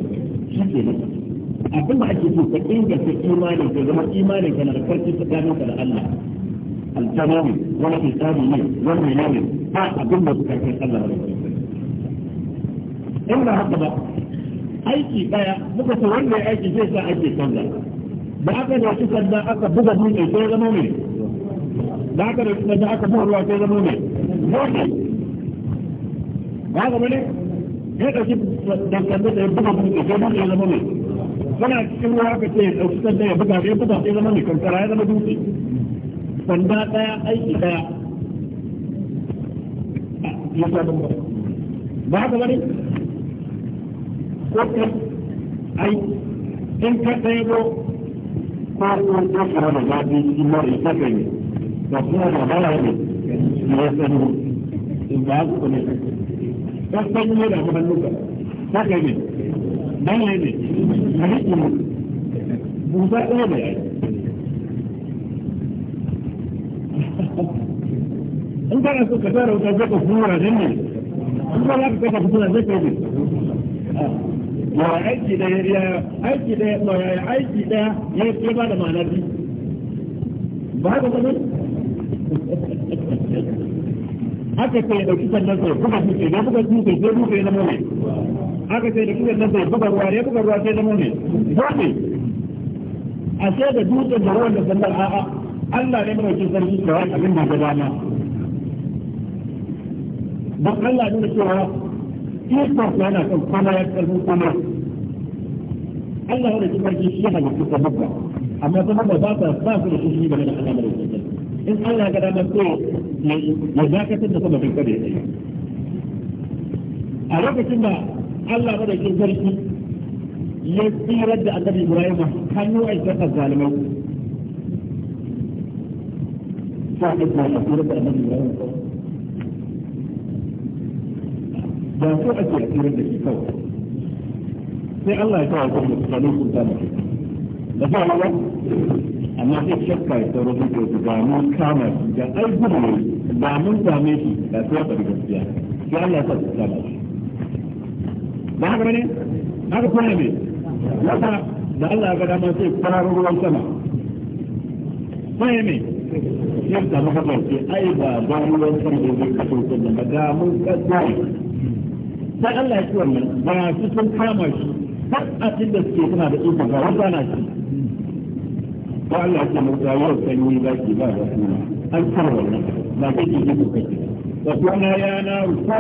shi ke nan abin da ake so ka inganta imanin ka zama imanin ka na da karfi tsakanin ka da Allah التمام ولا الإسلام منه ولا ينام ما أقول لك كيف الله إلا هكذا aiki daya muka ce wanda ya aiki zai sa ake sallah da aka da shi sanda aka buga dutse sai zama ne da aka da shi sanda aka buga ruwa sai zama ne mota ba ga bane ya shi dankan da ya buga dutse sai dutse ya zama ne kana cikin ruwa ka ce dauki sanda ya buga ya buga sai zama ne kankara ya zama dutse sanda daya aiki daya ya sa ba ga bane ko ai in ka ɗaiɗo farko ta fara da zafi shi mara ita ka ne da kuma da baya ne ya sanu in ba ku ne ne da kuma ka ta ka ne baya ne a rikin busa ɗaya da yayi in kana so ka tara wuta fura ne in yi wa aiki da ya aiki da ya aiki da ya ba da ma'ana biyu ba haka ba aka ce da kusan nan sai buga dutse ya buga dutse sai dutse ya zama ne aka ce da kusan nan sai buga ruwa ya buga ruwa sai zama ne a ce da dutse da ruwan da sallar a'a Allah ne mai sarki da wani abin da dama don Allah ne da cewa tabbas yana son kwana ya karbi kwana Allah ya rike karfi shi yana da kuka babba amma ta haka ba ta ba su da shi game da Allah mai in Allah ga dama ko ya dakatar da kuma kanka da yayi a lokacin da Allah ba da kin sarki ya tsira da annabi Ibrahim hannu a cikin zalimai sai ya tsira da annabi Ibrahim ba so da shi kawai sai Allah ya kawo kuma tsakanin kun ta da ba amma sai shakka ya ke kama da ne mun same shi da gaskiya sai Allah ya ba kuma ne wata da Allah ya ga dama sai ruwan sama sai ne ba ruwan sama da zai da sai Allah ya ci wannan ba su sun kama shi har a cikin da suke suna da ikon ga wanda na shi ko Allah ya mu rayuwar sanyi ba ki ba da kuma an kar wannan ba kai ki ji ku kake wa kuma ya na ruwa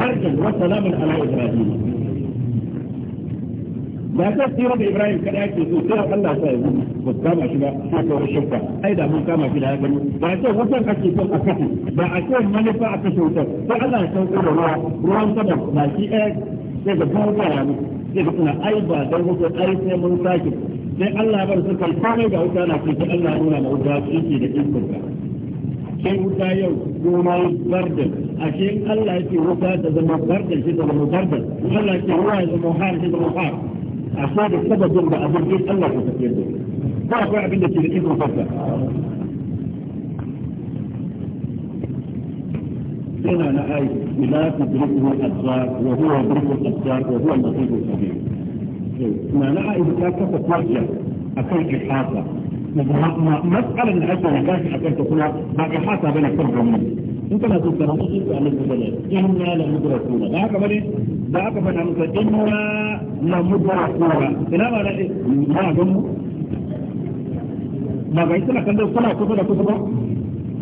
har da wa salamun ala ibrahim ba ta tsira da Ibrahim kada ake so sai Allah sa ya zo ba kama shi ba sai ka rashin ka ai da mun kama shi da gani ba ce wutan ake son a kasu ba a ce manufa a kashe wutan sai Allah ya sauko da ruwa ruwan sama baki ɗaya sai ga kawo ya mu sai ga suna ai ba dan wutan ai sai mun sake sai Allah bar su kai komai ga wuta na ce sai Allah ya nuna ma wuta su yake da ikon ka sai wuta yau goma bardan ashe in Allah yake wuta ta zama bardan shi ta zama bardan Allah yake ruwa ya zama har shi zama har أصاب السبب ده أبن جيد الله تتكير ده فأخذ أبن التلكين مفتا هنا أنا آي لا تدركه الأبصار وهو يدرك الأبصار وهو اللطيف الكبير ما أنا آي إذا كانت تتوجه أكل إحاطة مسألة الأجل تقول تكون بإحاطة بين كل منه in kana so ka ramu shi annabi sallallahu alaihi wasallam inna la mudrakuna da haka bane da haka fa na musa inna la mudrakuna ina ba da ina ga mu ba ga ita kan da kana kusa da kusa ba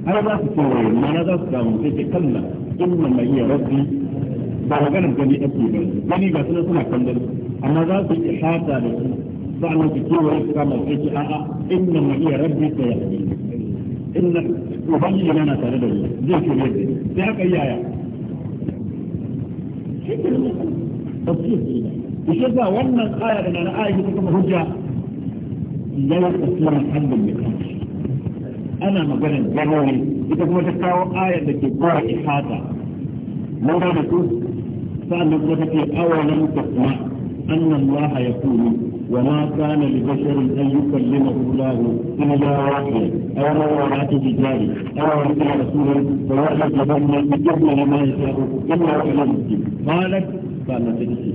ana za su kowaye mana za su samu sai ce kalla inna ma iya rabbi ba maganar gani ake ba gani ga suna suna kallon amma za su ihata da su sa'annan su kewaye su kama sai ce a'a inna ma iya rabbi sai ya inna ubangiji yana tare da mu zai shirye da sai haka yaya shi yasa wannan aya da na aya ta kuma hujja yawan tasirin hannun mai kanshi ana maganar ne. ita kuma ta kawo ayar da ke kora ihata mun ga da ku sa'an kuma ta ce awalan tasma annan laha ya kunu وما كان لبشر أن يكلمه الله إلا وحيا أو مرات بجاري أو أنت رسولا فوحي جبنا بجبنا لما يشاء إلا وحيا قالت قال تجسي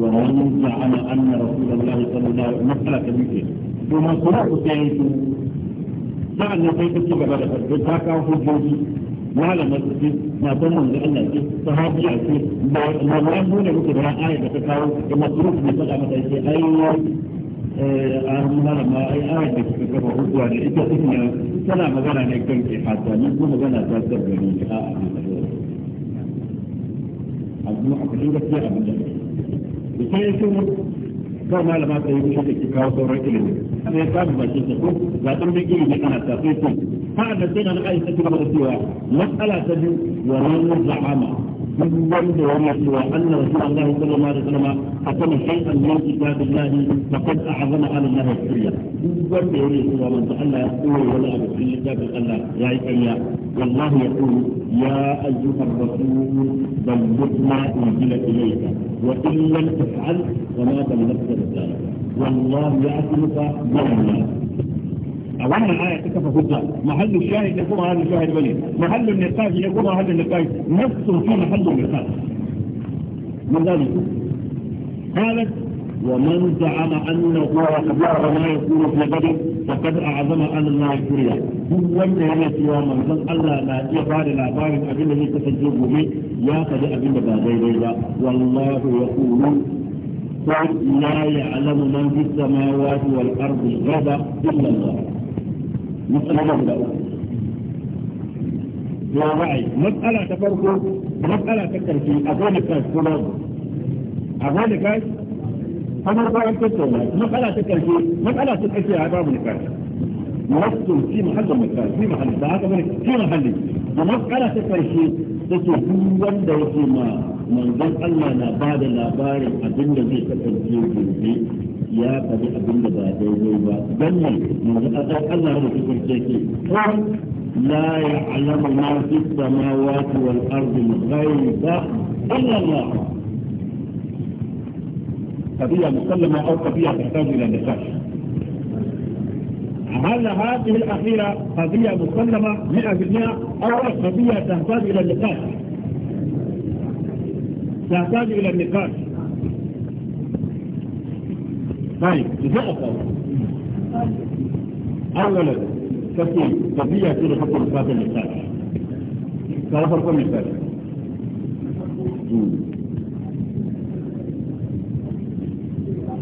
ومن زعم أن رسول الله صلى الله عليه وسلم مسألة كبيرة ثم صلاة سعيد سألنا كيف تجب على فتاة وحجوجي malamar su ce mun manzo Allah ce sahabiya ce ba ma ma mu ne muke da ayat da ta kawo da masruf ne faɗa mata ce ai eh, a ma ai ayat da kika kafa hujja da ita kuma tana magana ne kan ke hata ni kuma magana ta tabbani a a abu a cikin gaskiya abin da ke sai sun kawai malama ta yi kusa da ki kawo sauran ilimin sai ya kama bakin sa ko ga ilimi ana ta sai ko har da sai na da cewa matsala ta biyu wa ranar duk wanda ya ma cewa annar rasulullahi sallallahu da wasallam a kana shay'an min kitabillahi faqad a'zama ala na sirriya duk wanda ya ma cewa manzo Allah ya koyi wani abu Allah ya yi ƙarya wallahi ya koyi ya ayyuhar rasul balligh ma unzila ilayka wa taf'al wa ma والله يعطيك جهلا أولا الآية تكفى هجة محل الشاهد يكون هذا الشاهد بني محل النقاش يكون هذا النقاش نفسه في محل النقاش من ذلك قالت ومن زعم أنه يرى ما يكون في بدر فقد أعظم أن الله كريا هو أن سوى من قال الله لا يقال لا فارس أبنه الذي به يا قد أبنه بابي والله يقول قل لا يعلم من في السماوات والأرض الغيب إلا الله مسألة الأولى يا وعي مسألة تفرقه مسألة في أقول لك السلام أقول لك أمر بأن تتولى مسألة في مسألة تكرفي عذاب الكافر مصدر في محل مكان في محل ساعات من في محل ومسألة تفرشي تتكون دوتي ما ذا الله نباد الأبار أبن الذي تفرشيه في ya faɗi abin da ba daidai ba don ne manzo Allah Allah ya rubuta kirkeke la ya'lamu ma fi samawati wal قضية مسلمة أو قضية تحتاج إلى نقاش هل هذه الأخيرة قضية مسلمة 100% أو قضية تحتاج إلى النقاش تحتاج إلى النقاش طيب إذا أولا تكون قضية في حق الفاتح النقاش سأفرق النقاش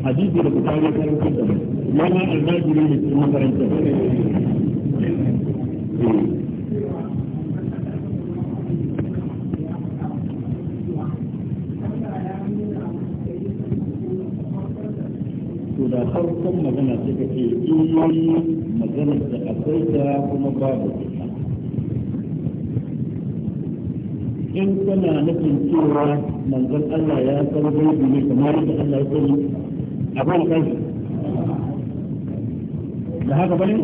حديثي لكتابة كانت mana albaji ne da cikin makarantar to da farkon magana suka ce imani da akwai da kuma babu in kana nufin cewa manzon Allah ya san gaibi ne kamar yadda Allah ya sani da haka bane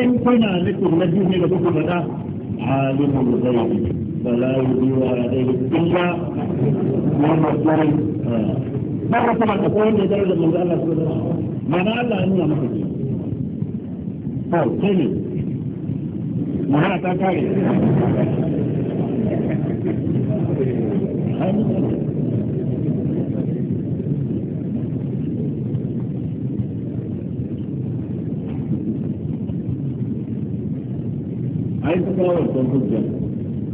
in kuna nufin na biyu ne da kuka faɗa alimul ghaibi fala yudiwa alayhi illa wa masarin ba ka kuma ka kowanne da da manzo Allah subhanahu wa ta'ala mana Allah ya nuna maka ke to kai ne mana ta kare ai ta kawo wancan hujjar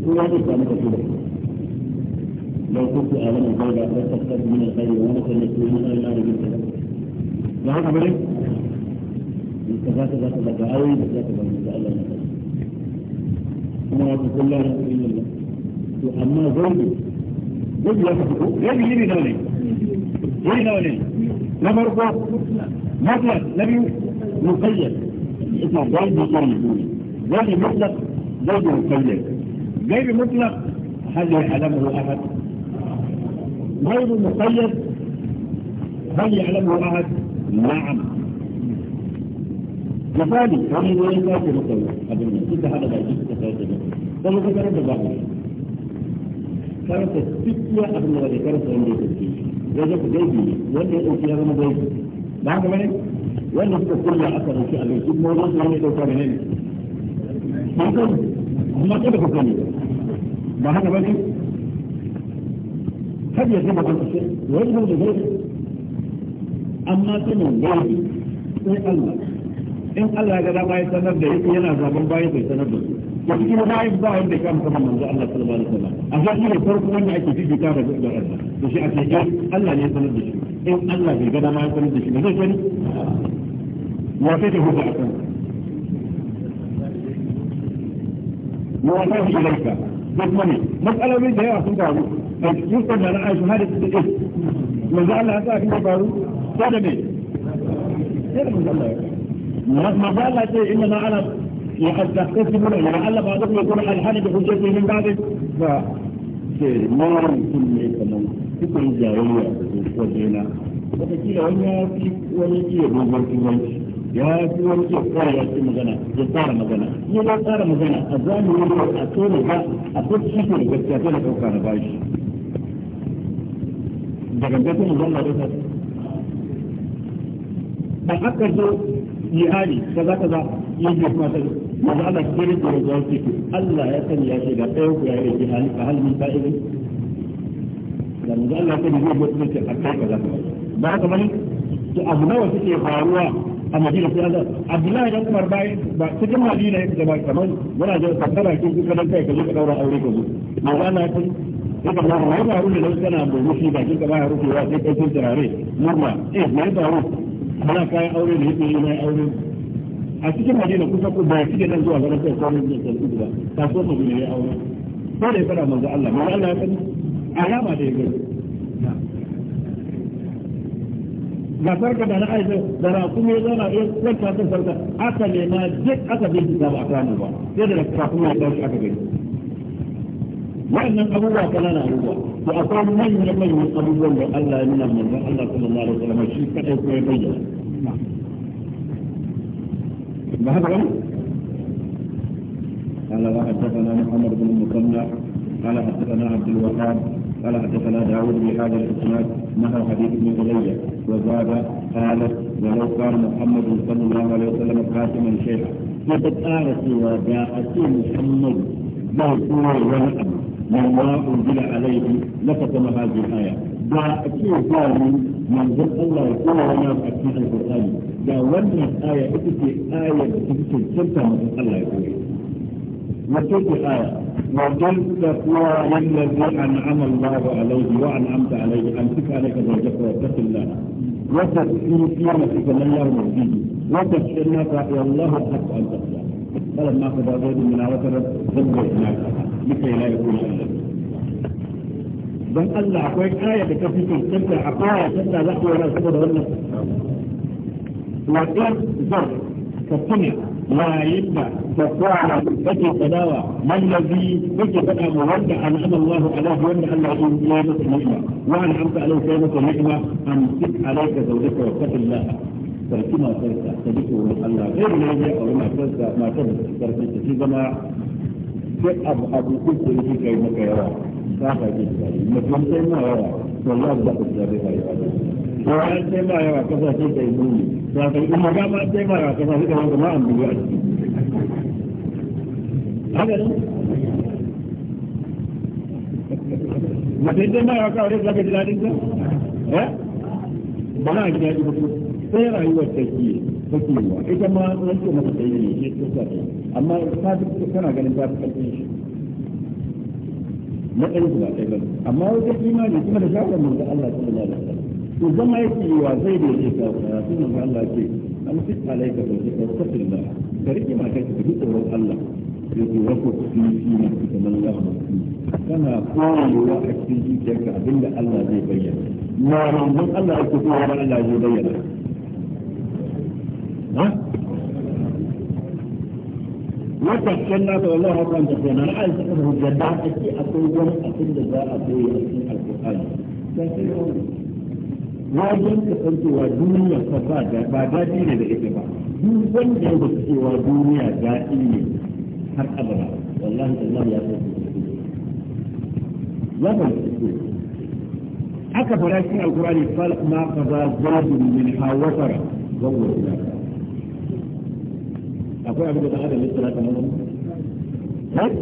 ko ya da لو كنت أعلم الغيب لاتخذت من الخير وما كنت من إلا رجلك. لا هذا كذا كذا كذا كأوي كذا كذا الله kuma ku kullu la ilaha illallah to amma zaidu zaidu ya fi ko zaidu yiri nawa ne yiri nawa ne na farko matlab na biyu muqayyad ita غير مطلق جاري مقيد غير مطلق هل يعلمه أحد غير مقيد هل يعلمه أحد نعم لذلك كان يقول لك في مطلق أدوني كنت هذا بأي شيء تتعيش بك قالوا في كانت الباقي كانت السكية أبنى ودي كانت عندي تسكية وجدت جيدي وجدت أوكي هذا مضيب بعد ما نعم وأنا أفتح كل أثر في الأرض، ما أظن أنني أتوقع هنا، kun kai amma kada ku kai ba haka ba ne kada ya zama kan kashe wani kan da zai amma sanin wani sai Allah in Allah ga dama ya sanar da yake yana zaben bayan bai sanar da su da cikin bayan ba wanda ya kama manzo Allah sallallahu alaihi wasallam a ga shi ne farko wanda ake fifita da da Allah to shi ake ga Allah ne ya sanar da shi in Allah bai ga dama sanar da shi ba zai sani wa sai ta hukunta يحتاج إليك بالمني مسألة من ده أصلا قالوا يمكن أن أعيش هذا الإيه وزعل هذا كما قالوا هذا مين هذا نعم. من الله ما زال شيء إنما أنا وقد تختصمون لعل بعضكم يكون الحد بحجته من بعد ف ما يمكن أن يكون فكر الجاهلية وجهنا وتكيل ولا في ولا ya ji wani tsohuwar ya ce magana ya tsara magana ya ya tsara magana a zamanin da a tsoro ba a tsoro shi da gaskiya ta da ɗauka na bashi daga gaskiya mu zama da da aka zo jihadi kaza kaza ya ji kuma ta maza Allah ke ne da ya ce Allah ya sani ya ce da ɗaya ku ya yi jihadi ka halin fa'ili da maza Allah ta ne zai mutunce a kai kaza ba haka bane to abu nawa suke faruwa a madina sai Allah Abdullahi dan Umar bai ba cikin madina yake da kamar yana da kaddara ki kuka dan kai ka zo ka daura aure ka zo manzo Allah ya ce ba ma ba ruwa da kana da mushi ba kin ka ba ruwa sai kai kin murma eh mai ba ruwa kana kai aure ne yake mai aure a cikin madina kusa ku ba kike dan zuwa garin kai kawai ne sai ku ba kasuwar madina ya aure sai da fara manzo Allah manzo Allah ya sani alama da ya ga farka da na aisha da na kuma ya zauna ya kwanta kan farka aka nema duk aka bincika ba a samu ba sai da kafin ya tashi aka gani wannan abubuwa kanana abubuwa to akwai manyan manyan abubuwan da Allah ya nuna manzon Allah sallallahu alaihi wasallam shi kadai ko ya bayyana ba haka ba قال وحدثنا محمد بن المثنى قال حدثنا عبد الوهاب قال حدثنا داود بهذا الاسناد نحو حديث ابن غلية وزاد قالت ولو كان محمد صلى الله عليه وسلم خاتما شيئا فقد آلت وجاء محمد بأسوه ونعم من ما أنزل عليه لفتم هذه الآية بأسوه ثاني من ذل الله كل ونعم أسمع القرآن دا ونعم آية إتتي آية إتتي سلطة من الله يقول وتلك الآية وتلك تقوى للذي أنعم الله عليه وأنعمت عليه أمسك عليك زوجك واتق الله وقف في نفسك من الله مرضيه في الناس والله حتى أن تقوى فلما أخذ زيد من وتر هناك لكي لا يكون إلا dan Allah akwai aya da ta fi cancanta a kawai canza za ku yi rasu da wannan. Wajen تقول وعند تقوى بكي تداوى ما الذي بكي تداوى وعند أنعم الله عليه وعند الله لا نسمع وأنعمت عليه كلمة النعمة أمسك عليك زوجك واتق الله sarki matarsa ta duk wurin Allah zai ne ya auri matarsa matar da sarki ta shi zama sai abu abu uku da shi kai maka yawa ta ka ji da mutum sai ma yawa to Allah da ku da bai da kuma wanda a ciki mutum ba kawai zaka ji daɗin ba na ji sai rayuwar ta ke ita ma masa ne ke ta amma ta fi ganin ta fi shi matsayin su ba ɗaya ba amma wajen imani kuma da Allah to zama yake yi wa zai da yake ka fara tun da Allah ce an fi tsalai ka shi ka tsafi da ka rike kai ki fi tsoron Allah ya ce wako fi fi na ka man la ma kana koyewa a cikin zuciyarka abinda Allah zai bayyana ma ran Allah yake so ran Allah zai bayyana ha وتكلم والله أكبر تكلم أنا da za a أقول a cikin أقول ta القرآن لكن wajen kasancewa duniya ta ba ba daɗi ne da ita ba duk wanda ya cewa duniya daɗi ne har abada wallahi Allah ya san ya ba aka fara cikin alkurani fal ma kaza zadun min hawatar gwamnati ila akwai abin da ta hada lissa ta nan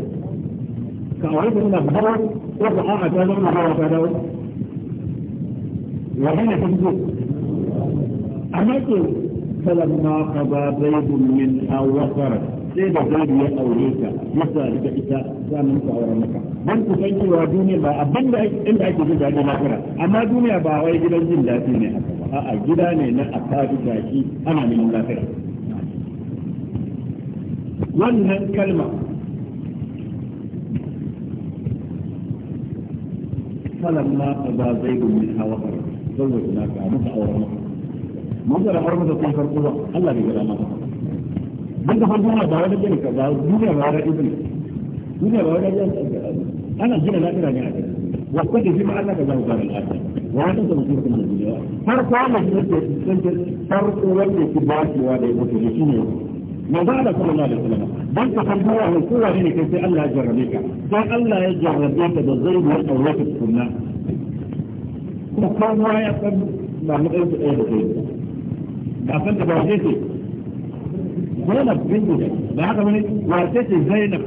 ka aure ta nuna fara ko ba a ta zama fara ta dawo magana ta fito a nake falamma qada zaidun min awqara sai da zaidu ya aure ta masa daga ita zamun ta aure maka dan ku san cewa duniya ba abin da inda ake jin daɗi na amma duniya ba wai gidan jin daɗi ne a'a gida ne na a akabi daki ana neman lafiya wannan kalma فلما قضى زيد منها وقرا زوج هناك مش أورا منظر حرمة تكون فرقوة الله بيقول أنا بنت فرقوة بعد ذلك بعد دنيا بعد ابن دنيا بعد أنا جينا لا ترى جاهز وقت جمع لك زوجان الآخر وأنت مسؤول من الدنيا فرقوة مجلس فرقوة كبار كوالي وتجسيني ما بعد صلى الله عليه وسلم بل تخبرها من قوة لك في ألا يجربك فألا يجربك بالظلم والأولاد السنة kuma kowa ya san na matsayin su ɗaya da ɗaya ba san da ba wace ce Zainab bintu da haka wani wace ce Zainab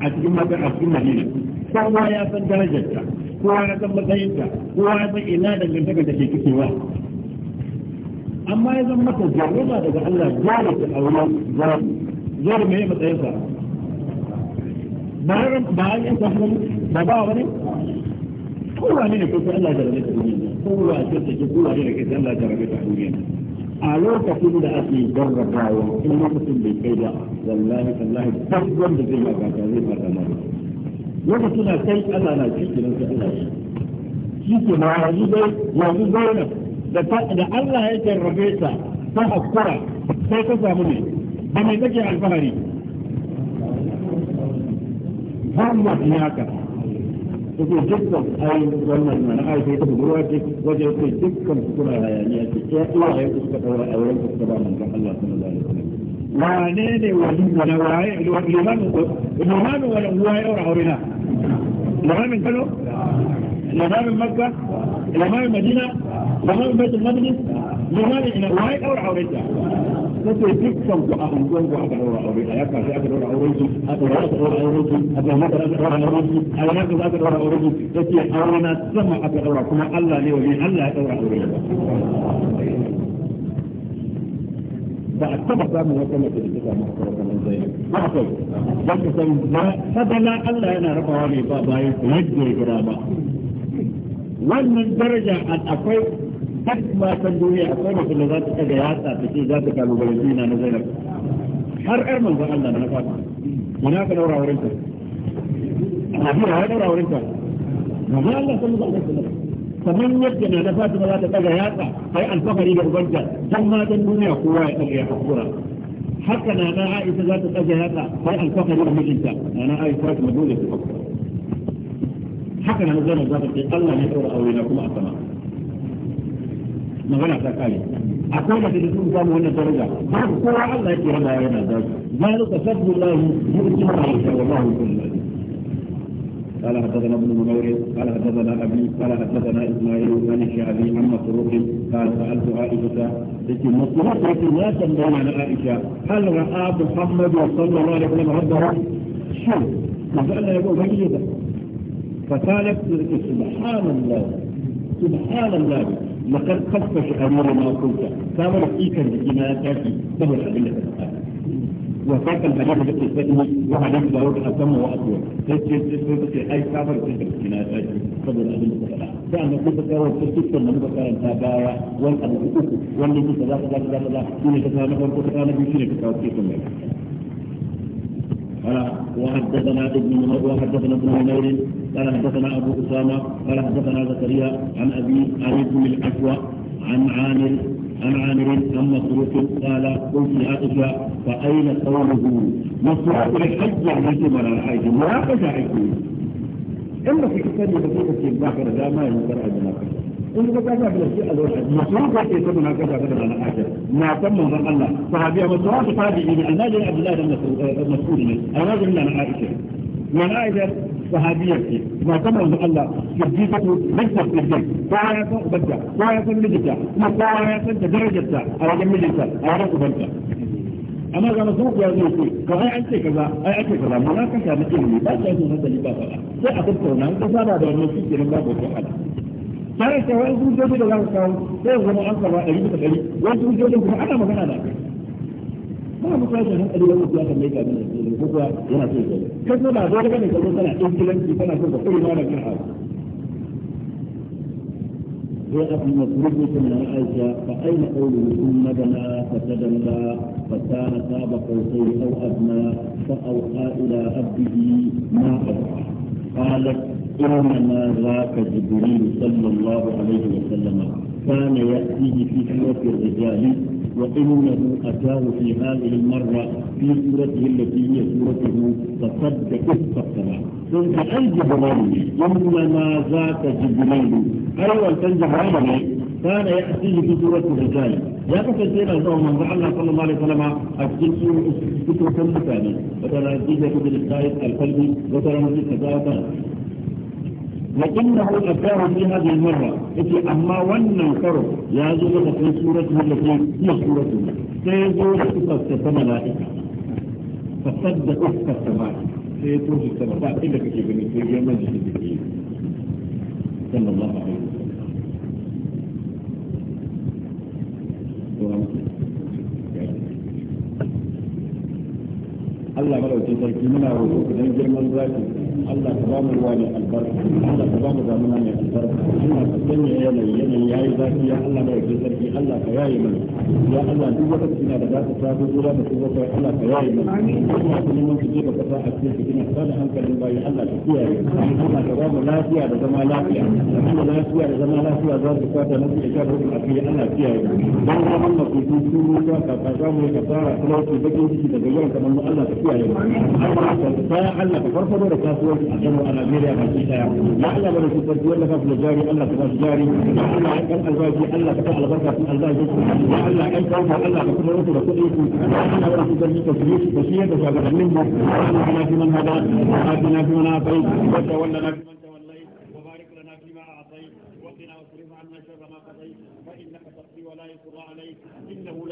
a cikin matan a cikin Madina kowa ya san darajarta kowa ya san matsayinta kowa ya san ina dangantakar da ke kikewa amma ya zan mata jaruma daga Allah jari ta aure jara jara mai matsayinsa ba ba an yanka ba ba wani kowa ne da kusa Allah da rabe ta duniya kowa ce take kowa ne da kai Allah da rabe ta duniya a lokacin da ake jarrabawa in lokacin bai kai ba wallahi wallahi duk wanda zai ba ka zai ba ka mai lokacin na kai Allah na ci kiran sai Allah shi ke ma yanzu dai yanzu dai da da Allah ya jarrabe ta ta hakkara sai ka samu ne ba mai kake alfahari ba mu ya haka yake dukkan ai wannan mana ai sai ta budurwa ce waje yake dukkan su kuna hayaniya ce ya Allah ya suka daura a wurin suka ba mun kan Allah sallallahu alaihi wasallam wane ne wani wani waye limamin ko limamin wani waye aure aurena limamin Kano limamin Makka limamin Madina limamin Baitul Maqdis limamin ina waye aure aurena take dukkan ku a hangon ku aka daura aure a yaka sai aka daura aure ki a daura aka daura aure ki a daura aka daura aure ki a yana ka aka daura aure ki take aure na sama aka daura kuma Allah ne wani Allah ya daura aure ba a taba samun wata mace da ta samu kamar zainab ba a kai ba ka san ba fadala Allah yana rabawa ne ba bayan yadda ya gira ba wannan daraja akwai duk matan duniya akwai mutum da za ta kaga ya sa ta ce za ta kalubalanci na na zainab har ƴar manzon Allah na fata muna ka daura wurin ta Abira ya daura wurin ta manzon Allah sallallahu alaihi wasallam kamar yadda na na Fatima za ta kaga ya sa kai alfahari da ubanta dan matan duniya kowa ya kaga ya hakura haka na na Aisha za ta kaga ya sa kai alfahari da mijinta na na Aisha ta dole ta hakura haka na zainab za ta ce Allah ne ya daura aure na kuma a sama magana ta kare a kuma da sun samu wannan daraja ba kowa Allah yake raba yana da shi zalika fadlullahi yu'ti man yasha wallahu kullu قال حدثنا ابن منور قال حدثنا ابي قال حدثنا اسماعيل عن الشعبي عن مسروق قال سالت عائشه لكن مسروق التي لا تنبغي على عائشه هل راى محمد صلى الله عليه وسلم ربه شو فسال يقول فجد فقالت سبحان الله سبحان الله lakar kasta shi kamar ma kunta samar ikon jiki na ya tashi saboda abin da ka faɗa wa fakan da maka take sai ni wa hadan da wata asama wa aswa sai ce sai sai ce ai kafar sai jiki na a saboda abin da ka da an kuma kawo ta cikin da muka karanta baya wani abu uku wanda yake kaza kaza kaza kaza shine ka kawo na farko ka kawo na biyu shine ka kawo cikin mai قال وحدثنا ابن منور وحدثنا ابن منور قال حدثنا ابو اسامه قال حدثنا زكريا عن ابي علي بن الاسوى عن عامر عن عامر عن مسروق قال قلت لعائشه فاين قوله مسروق الحج عليكم على الحج ما قد عليكم اما في كتاب لا ما ينكر على in ka kasa da shi a lokacin masu ka ke sabu na kasa da ranar ashir na san manzon Allah sahabiya masu wasu tabi'i ne annabi Abdullahi dan Mas'ud ne annabi nan Aisha nan Aisha sahabiyar ce na san manzon Allah siddiqatu najjar najjar kowa ya san ubanta kowa ya san mijinta kuma kowa ya san da darajarta a wajen mijinta a wajen ubanta amma ga masu ya zo ce ka ai an ce kaza ai ake kaza mun ka samu ilimi ba ta yin hankali ba fara sai a tattauna ka saba da wannan shi kenan babu wahala bayan cewa wasu hujjoji da za su kawo sai zama an saba ɗari bisa ɗari wasu hujjojin kuma ana magana da kai ba mu kwaje nan ɗari wasu ya kalle ka bin da ko kuwa yana so ya kai kai ba zo daga ne ka zo kana inkilanci kana so ka kuma da kan abu وأبي مسروق من عائشة فأين قوله ثم دنا فتدلى فكان قاب قوسين أو أدنى فأوحى إلى عبده ما أوحى قالت كان ما ذاك جبريل صلى الله عليه وسلم كان يأتيه في سورة الرجال وإنه أتاه في هذه المرة في سورته التي هي سورته فصدق استقرا ثم أي جبريل إنما ذاك جبريل أيوة جبريل كان يأتيه في سورة الرجال يا كثير الله من الله صلى الله عليه وسلم أكثر سورة سورة المثالي وترى في الإسرائيل القلبي وترى نتيجة لكنه اشار في هذه المرة إذا أما ون الكرو يا زوجة في سورة التي هي سورة سيزوجة تفسد ملائكة فصد أفك السماء سيتوج السماء إلا كتب في جمال صلى الله عليه وسلم Allah madaukin sarki muna roƙo idan girman zaki Allah ka ba mu ruwa mai albarka Allah ka ba mu damuna mai albarka Allah ka sanya yanayi yanayi ya yi zafi ya Allah mai yake sarki Allah ka yaye mana ya Allah duk wata fitina da za ta taso zuwa da kuma kai Allah ka yaye mana amin Allah ka neman je ka kasa a cikin fitina sada hankalin bayi Allah ka kiyaye Allah ka ba mu lafiya da zama lafiya Allah lafiya da zama lafiya za su fata na cikin kar a cikin Allah kiyaye dan zaman da ku su su ka ka ka za mu ka fara talauci bakin ciki daga yawan kamar Allah ka kiyaye Allah ka sa Allah ka farfado da kasu kasuwar a sama a Najeriya daya ya Allah bada su farko wanda ka kula jari Allah ka ba jari ya Allah ya kan albashi Allah ka sa albarka albashi Allah ya Allah ka da kuɗi su ya Allah farko da shagabannin mu ya Allah kana fi hada Allah hada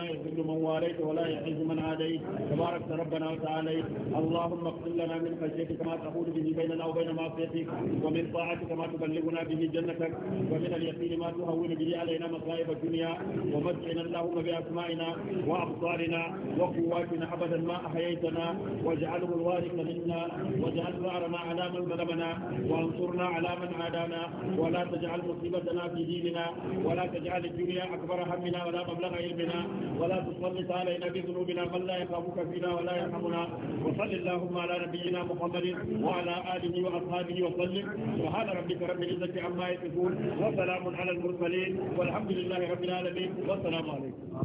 لا يذل من واليت ولا يعز من عاديت تبارك ربنا وتعالى اللهم اغفر لنا من خشيتك ما تقول به بيننا وبين معصيتك ومن طاعتك ما تبلغنا به جنتك ومن اليقين ما تهون به علينا مصائب الدنيا ومتعنا اللهم باسمائنا وابصارنا وقواتنا ابدا ما احييتنا واجعله الوارث منا واجعل ثارنا على من ظلمنا وانصرنا على من عادانا ولا تجعل مصيبتنا في ديننا ولا تجعل الدنيا اكبر همنا ولا مبلغ علمنا ولا تسلط علينا بذنوبنا من لا يخافك فينا ولا يرحمنا وصل اللهم على نبينا محمد وعلى آله وأصحابه وسلم سبحان ربك رب العزة عما يصفون وسلام على المرسلين والحمد لله رب العالمين والسلام عليكم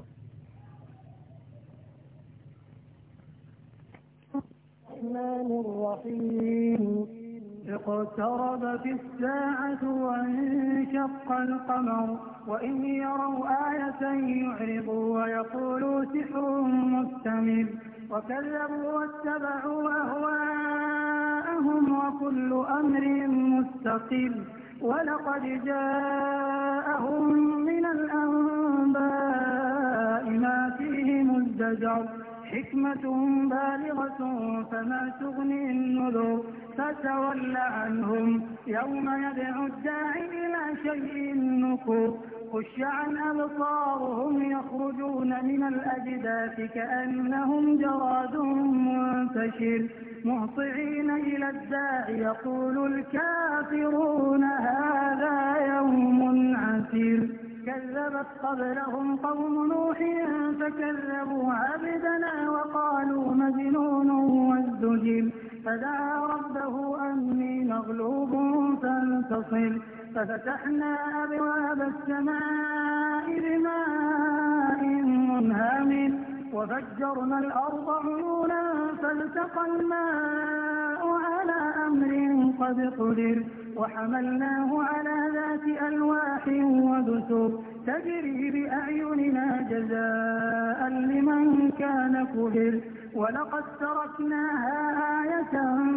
الرحمن الرحيم اقتربت الساعة وانشق القمر وإن يروا آية يعرضوا ويقولوا سحر مستمر وكذبوا واتبعوا أهواءهم وكل أمر مستقل ولقد جاءهم من الأنباء ما فيه مزدجر حكمة بالغة فما تغني النذر فتول عنهم يوم يدعو الداعي إلى شيء نكر خش عن أبصارهم يخرجون من الأجداث كأنهم جراد منتشر مهطعين إلى الداع يقول الكافرون هذا يوم عسير كذبت قبلهم قوم نوح فكذبوا عبدنا وقالوا مجنون وازدجر فدعا ربه أني مغلوب فانتصر ففتحنا أبواب السماء بماء منهمر وفجرنا الأرض عيونا فالتقى الماء على أمر قد قدر وحملناه على ذات ألواح ودسر تجري بأعيننا جزاء لمن كان كبر ولقد تركناها آية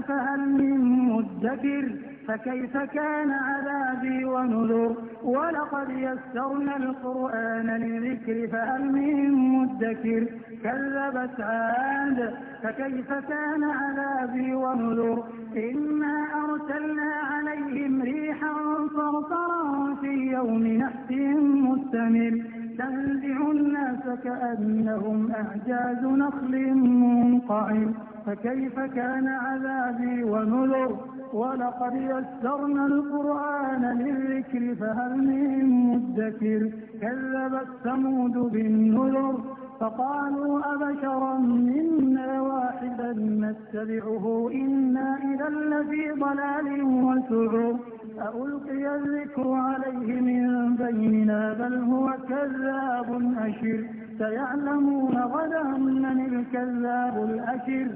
فهل من مدكر فكيف كان عذابي ونذر ولقد يسرنا القرآن للذكر فهل من مدكر كذبت عاد فكيف كان عذابي ونذر إنا أرسلنا عليهم ريحا صرصرا في يوم نحس مستمر تنزع الناس كأنهم أعجاز نخل منقعر فكيف كان عذابي ونذر ولقد يسرنا القرآن للذكر فهل من مدكر كذبت ثمود بالنذر فقالوا أبشرا منا واحدا نتبعه إنا إذا لفي ضلال وسعر ألقي الذكر عليه من بيننا بل هو كذاب أشر سيعلمون غدا من الكذاب الأشر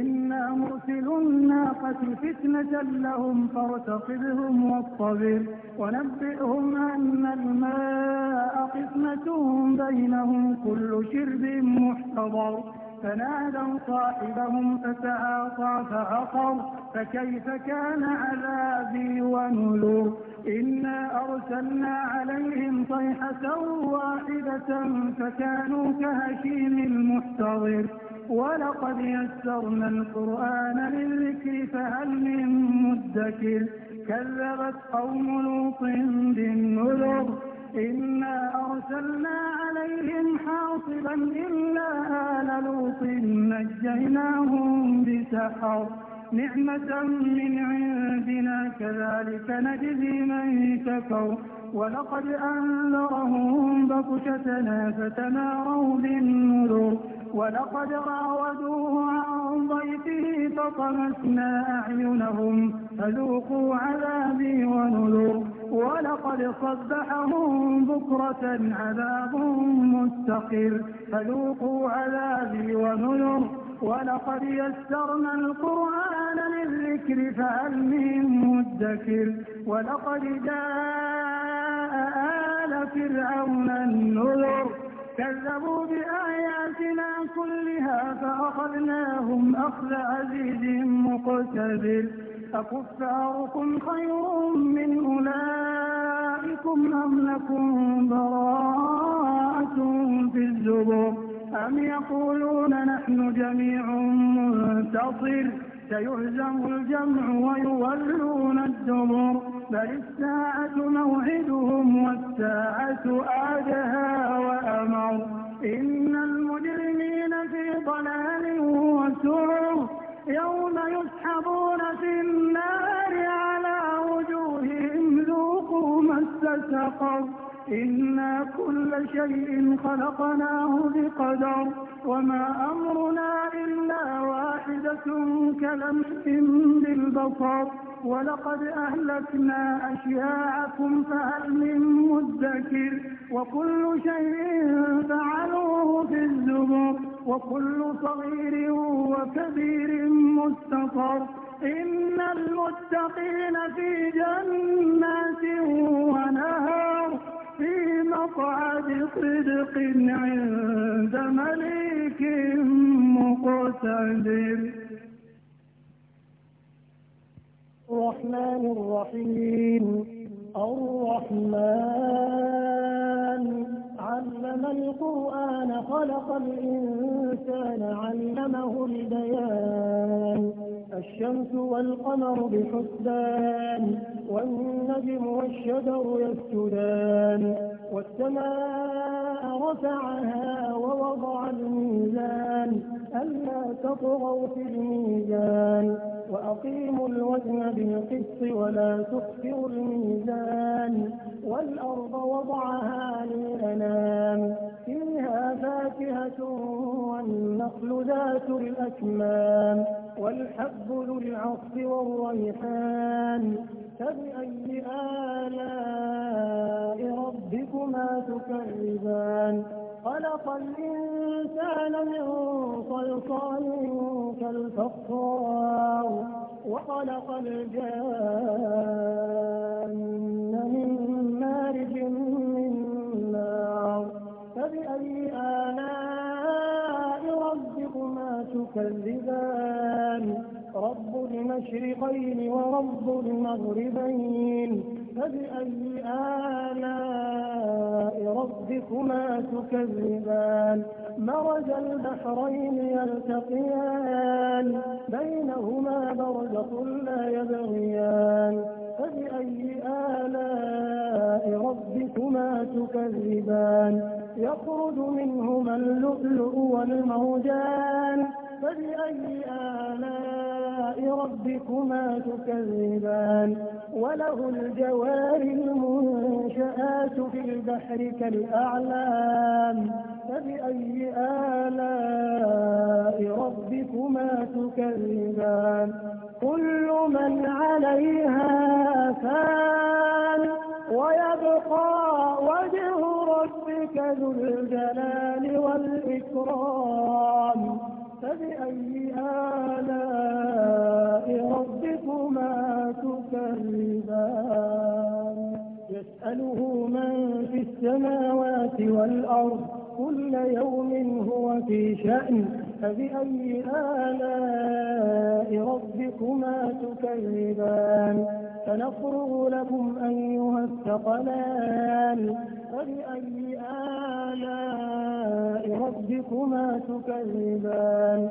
إنا مرسلو الناقة فتنة لهم فارتقبهم واصطبر ونبئهم أن الماء قسمة بينهم كل شرب محتضر فنادوا صاحبهم فتعاطى فعقر فكيف كان عذابي ونذر إنا أرسلنا عليهم صيحة واحدة فكانوا كهشيم المحتضر ولقد يسرنا القرآن للذكر فهل من مدكر كذبت قوم لوط بالنذر إنا أرسلنا عليهم حاصبا إلا آل لوط نجيناهم بسحر نعمة من عندنا كذلك نجزي من كفر ولقد أنذرهم بطشتنا فتماروا بالنذر ولقد راودوه عن ضيفه فطمسنا أعينهم فذوقوا عذابي ونذر ولقد صبحهم بكرة عذاب مستقر فذوقوا عذابي ونذر ولقد يسرنا القرآن للذكر فهل من مدكر ولقد جاء آل فرعون النذر كذبوا بآياتنا كلها فأخذناهم أخذ عزيز مقتدر أكفاركم خير من أولئكم أم لكم براءة في الزبر أم يقولون نحن جميع منتصر سيهزم الجمع ويولون الدبر بل الساعة موعدهم والساعة أدهى وأمر إن المجرمين في ضلال وسعر يوم يسحبون في النار على وجوههم ذوقوا مس سقر إنا كل شيء خلقناه بقدر وما أمرنا إلا واحدة كلمح بالبصر ولقد أهلكنا أشياعكم فهل من مدكر وكل شيء فعلوه في الزبر وكل صغير وكبير مستطر إن المتقين في جنات ونهر في مقعد صدق عند مليك مقتدر الرحمن الرحيم الرحمن عَلَّمَ الْقُرْآنَ خَلَقَ الْإِنسَانَ عَلَّمَهُ الْبَيَانَ الشَّمْسُ وَالْقَمَرُ بِحُسْبَانٍ وَالنَّجْمُ وَالشَّجَرُ يَسْجُدَانِ وَالسَّمَاءَ رَفَعَهَا وَوَضَعَ الْمِيزَانَ أَلَّا تَطْغَوْا فِي الْمِيزَانِ وَأَقِيمُوا الْوَزْنَ بِالْقِسْطِ وَلَا تُخْسِرُوا الْمِيزَانَ والأرض وضعها للأنام فيها فاكهة والنخل ذات الأكمام والحب ذو العصف والريحان فبأي آلاء ربكما تكذبان خلق الإنسان من صلصال كالفخار وخلق الجان من من نار فبأي آلاء ربكما تكذبان رب المشرقين ورب المغربين فبأي آلاء ربكما تكذبان مرج البحرين يلتقيان بينهما برزخ لا يبغيان فبأي آلاء ربكما تكذبان يخرج منهما اللؤلؤ والمرجان فبأي آلاء ربكما تكذبان وله الجوار المنشآت في البحر كالأعلام فبأي آلاء ربكما تكذبان كل من عليها فان ويبقى وجه ربك ذو الجلال والإكرام فبأي آلاء ربكما تكذبان يسأله من في السماوات والأرض كل يوم هو في شأن فبأي آلاء ربكما تكذبان سنفرغ لكم أيها الثقلان فبأي آلاء ربكما تكذبان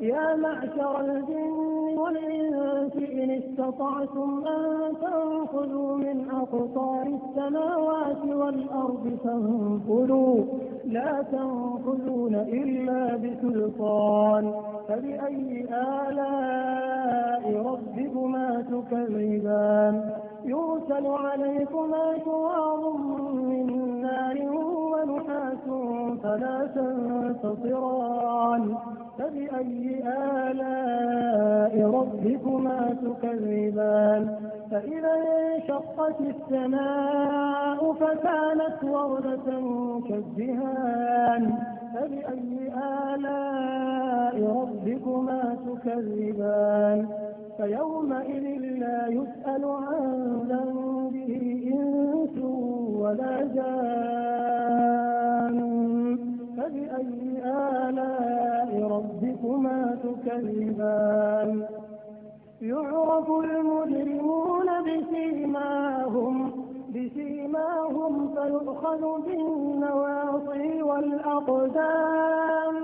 يا معشر الجن والإنس إن استطعتم أن تنفذوا من أقطار السماوات والأرض فانفذوا لا تنفذون إلا بسلطان فبأي آلاء ربكما تكذبان يرسل عليكما شواظ من نار ونحاس فلا تنتصران فبأي آلاء ربكما تكذبان فإذا انشقت السماء فكانت وردة كالدهان فبأي آلاء ربكما تكذبان فيومئذ لا يسأل عن ذنبه إنس ولا جان فبأي آلاء ربكما تكذبان يعرف المجرمون بسيماهم بسيماهم فيؤخذ بالنواصي والأقدام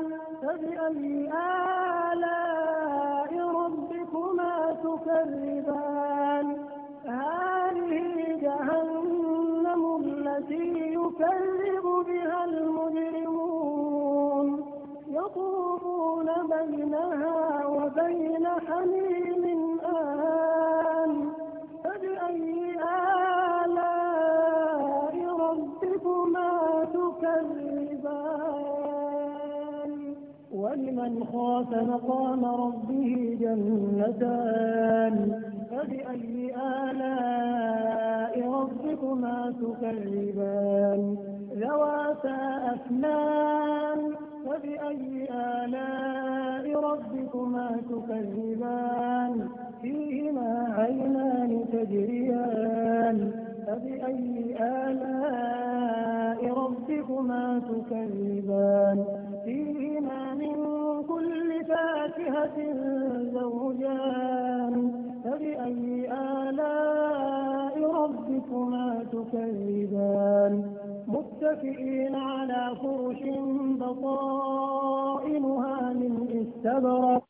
فبأي آلاء تكذبان هذه جهنم التي يكذب بها المجرمون يطوفون بينها وبين حميم ولمن خاف مقام ربه جنتان فبأي آلاء ربكما تكذبان ذواتا أفنان فبأي آلاء ربكما تكذبان فيهما عينان تجريان فبأي آلاء ربكما تكذبان فيهما فاكهة زوجان فبأي آلاء ربكما تكذبان متكئين على فرش بطائنها من استبرق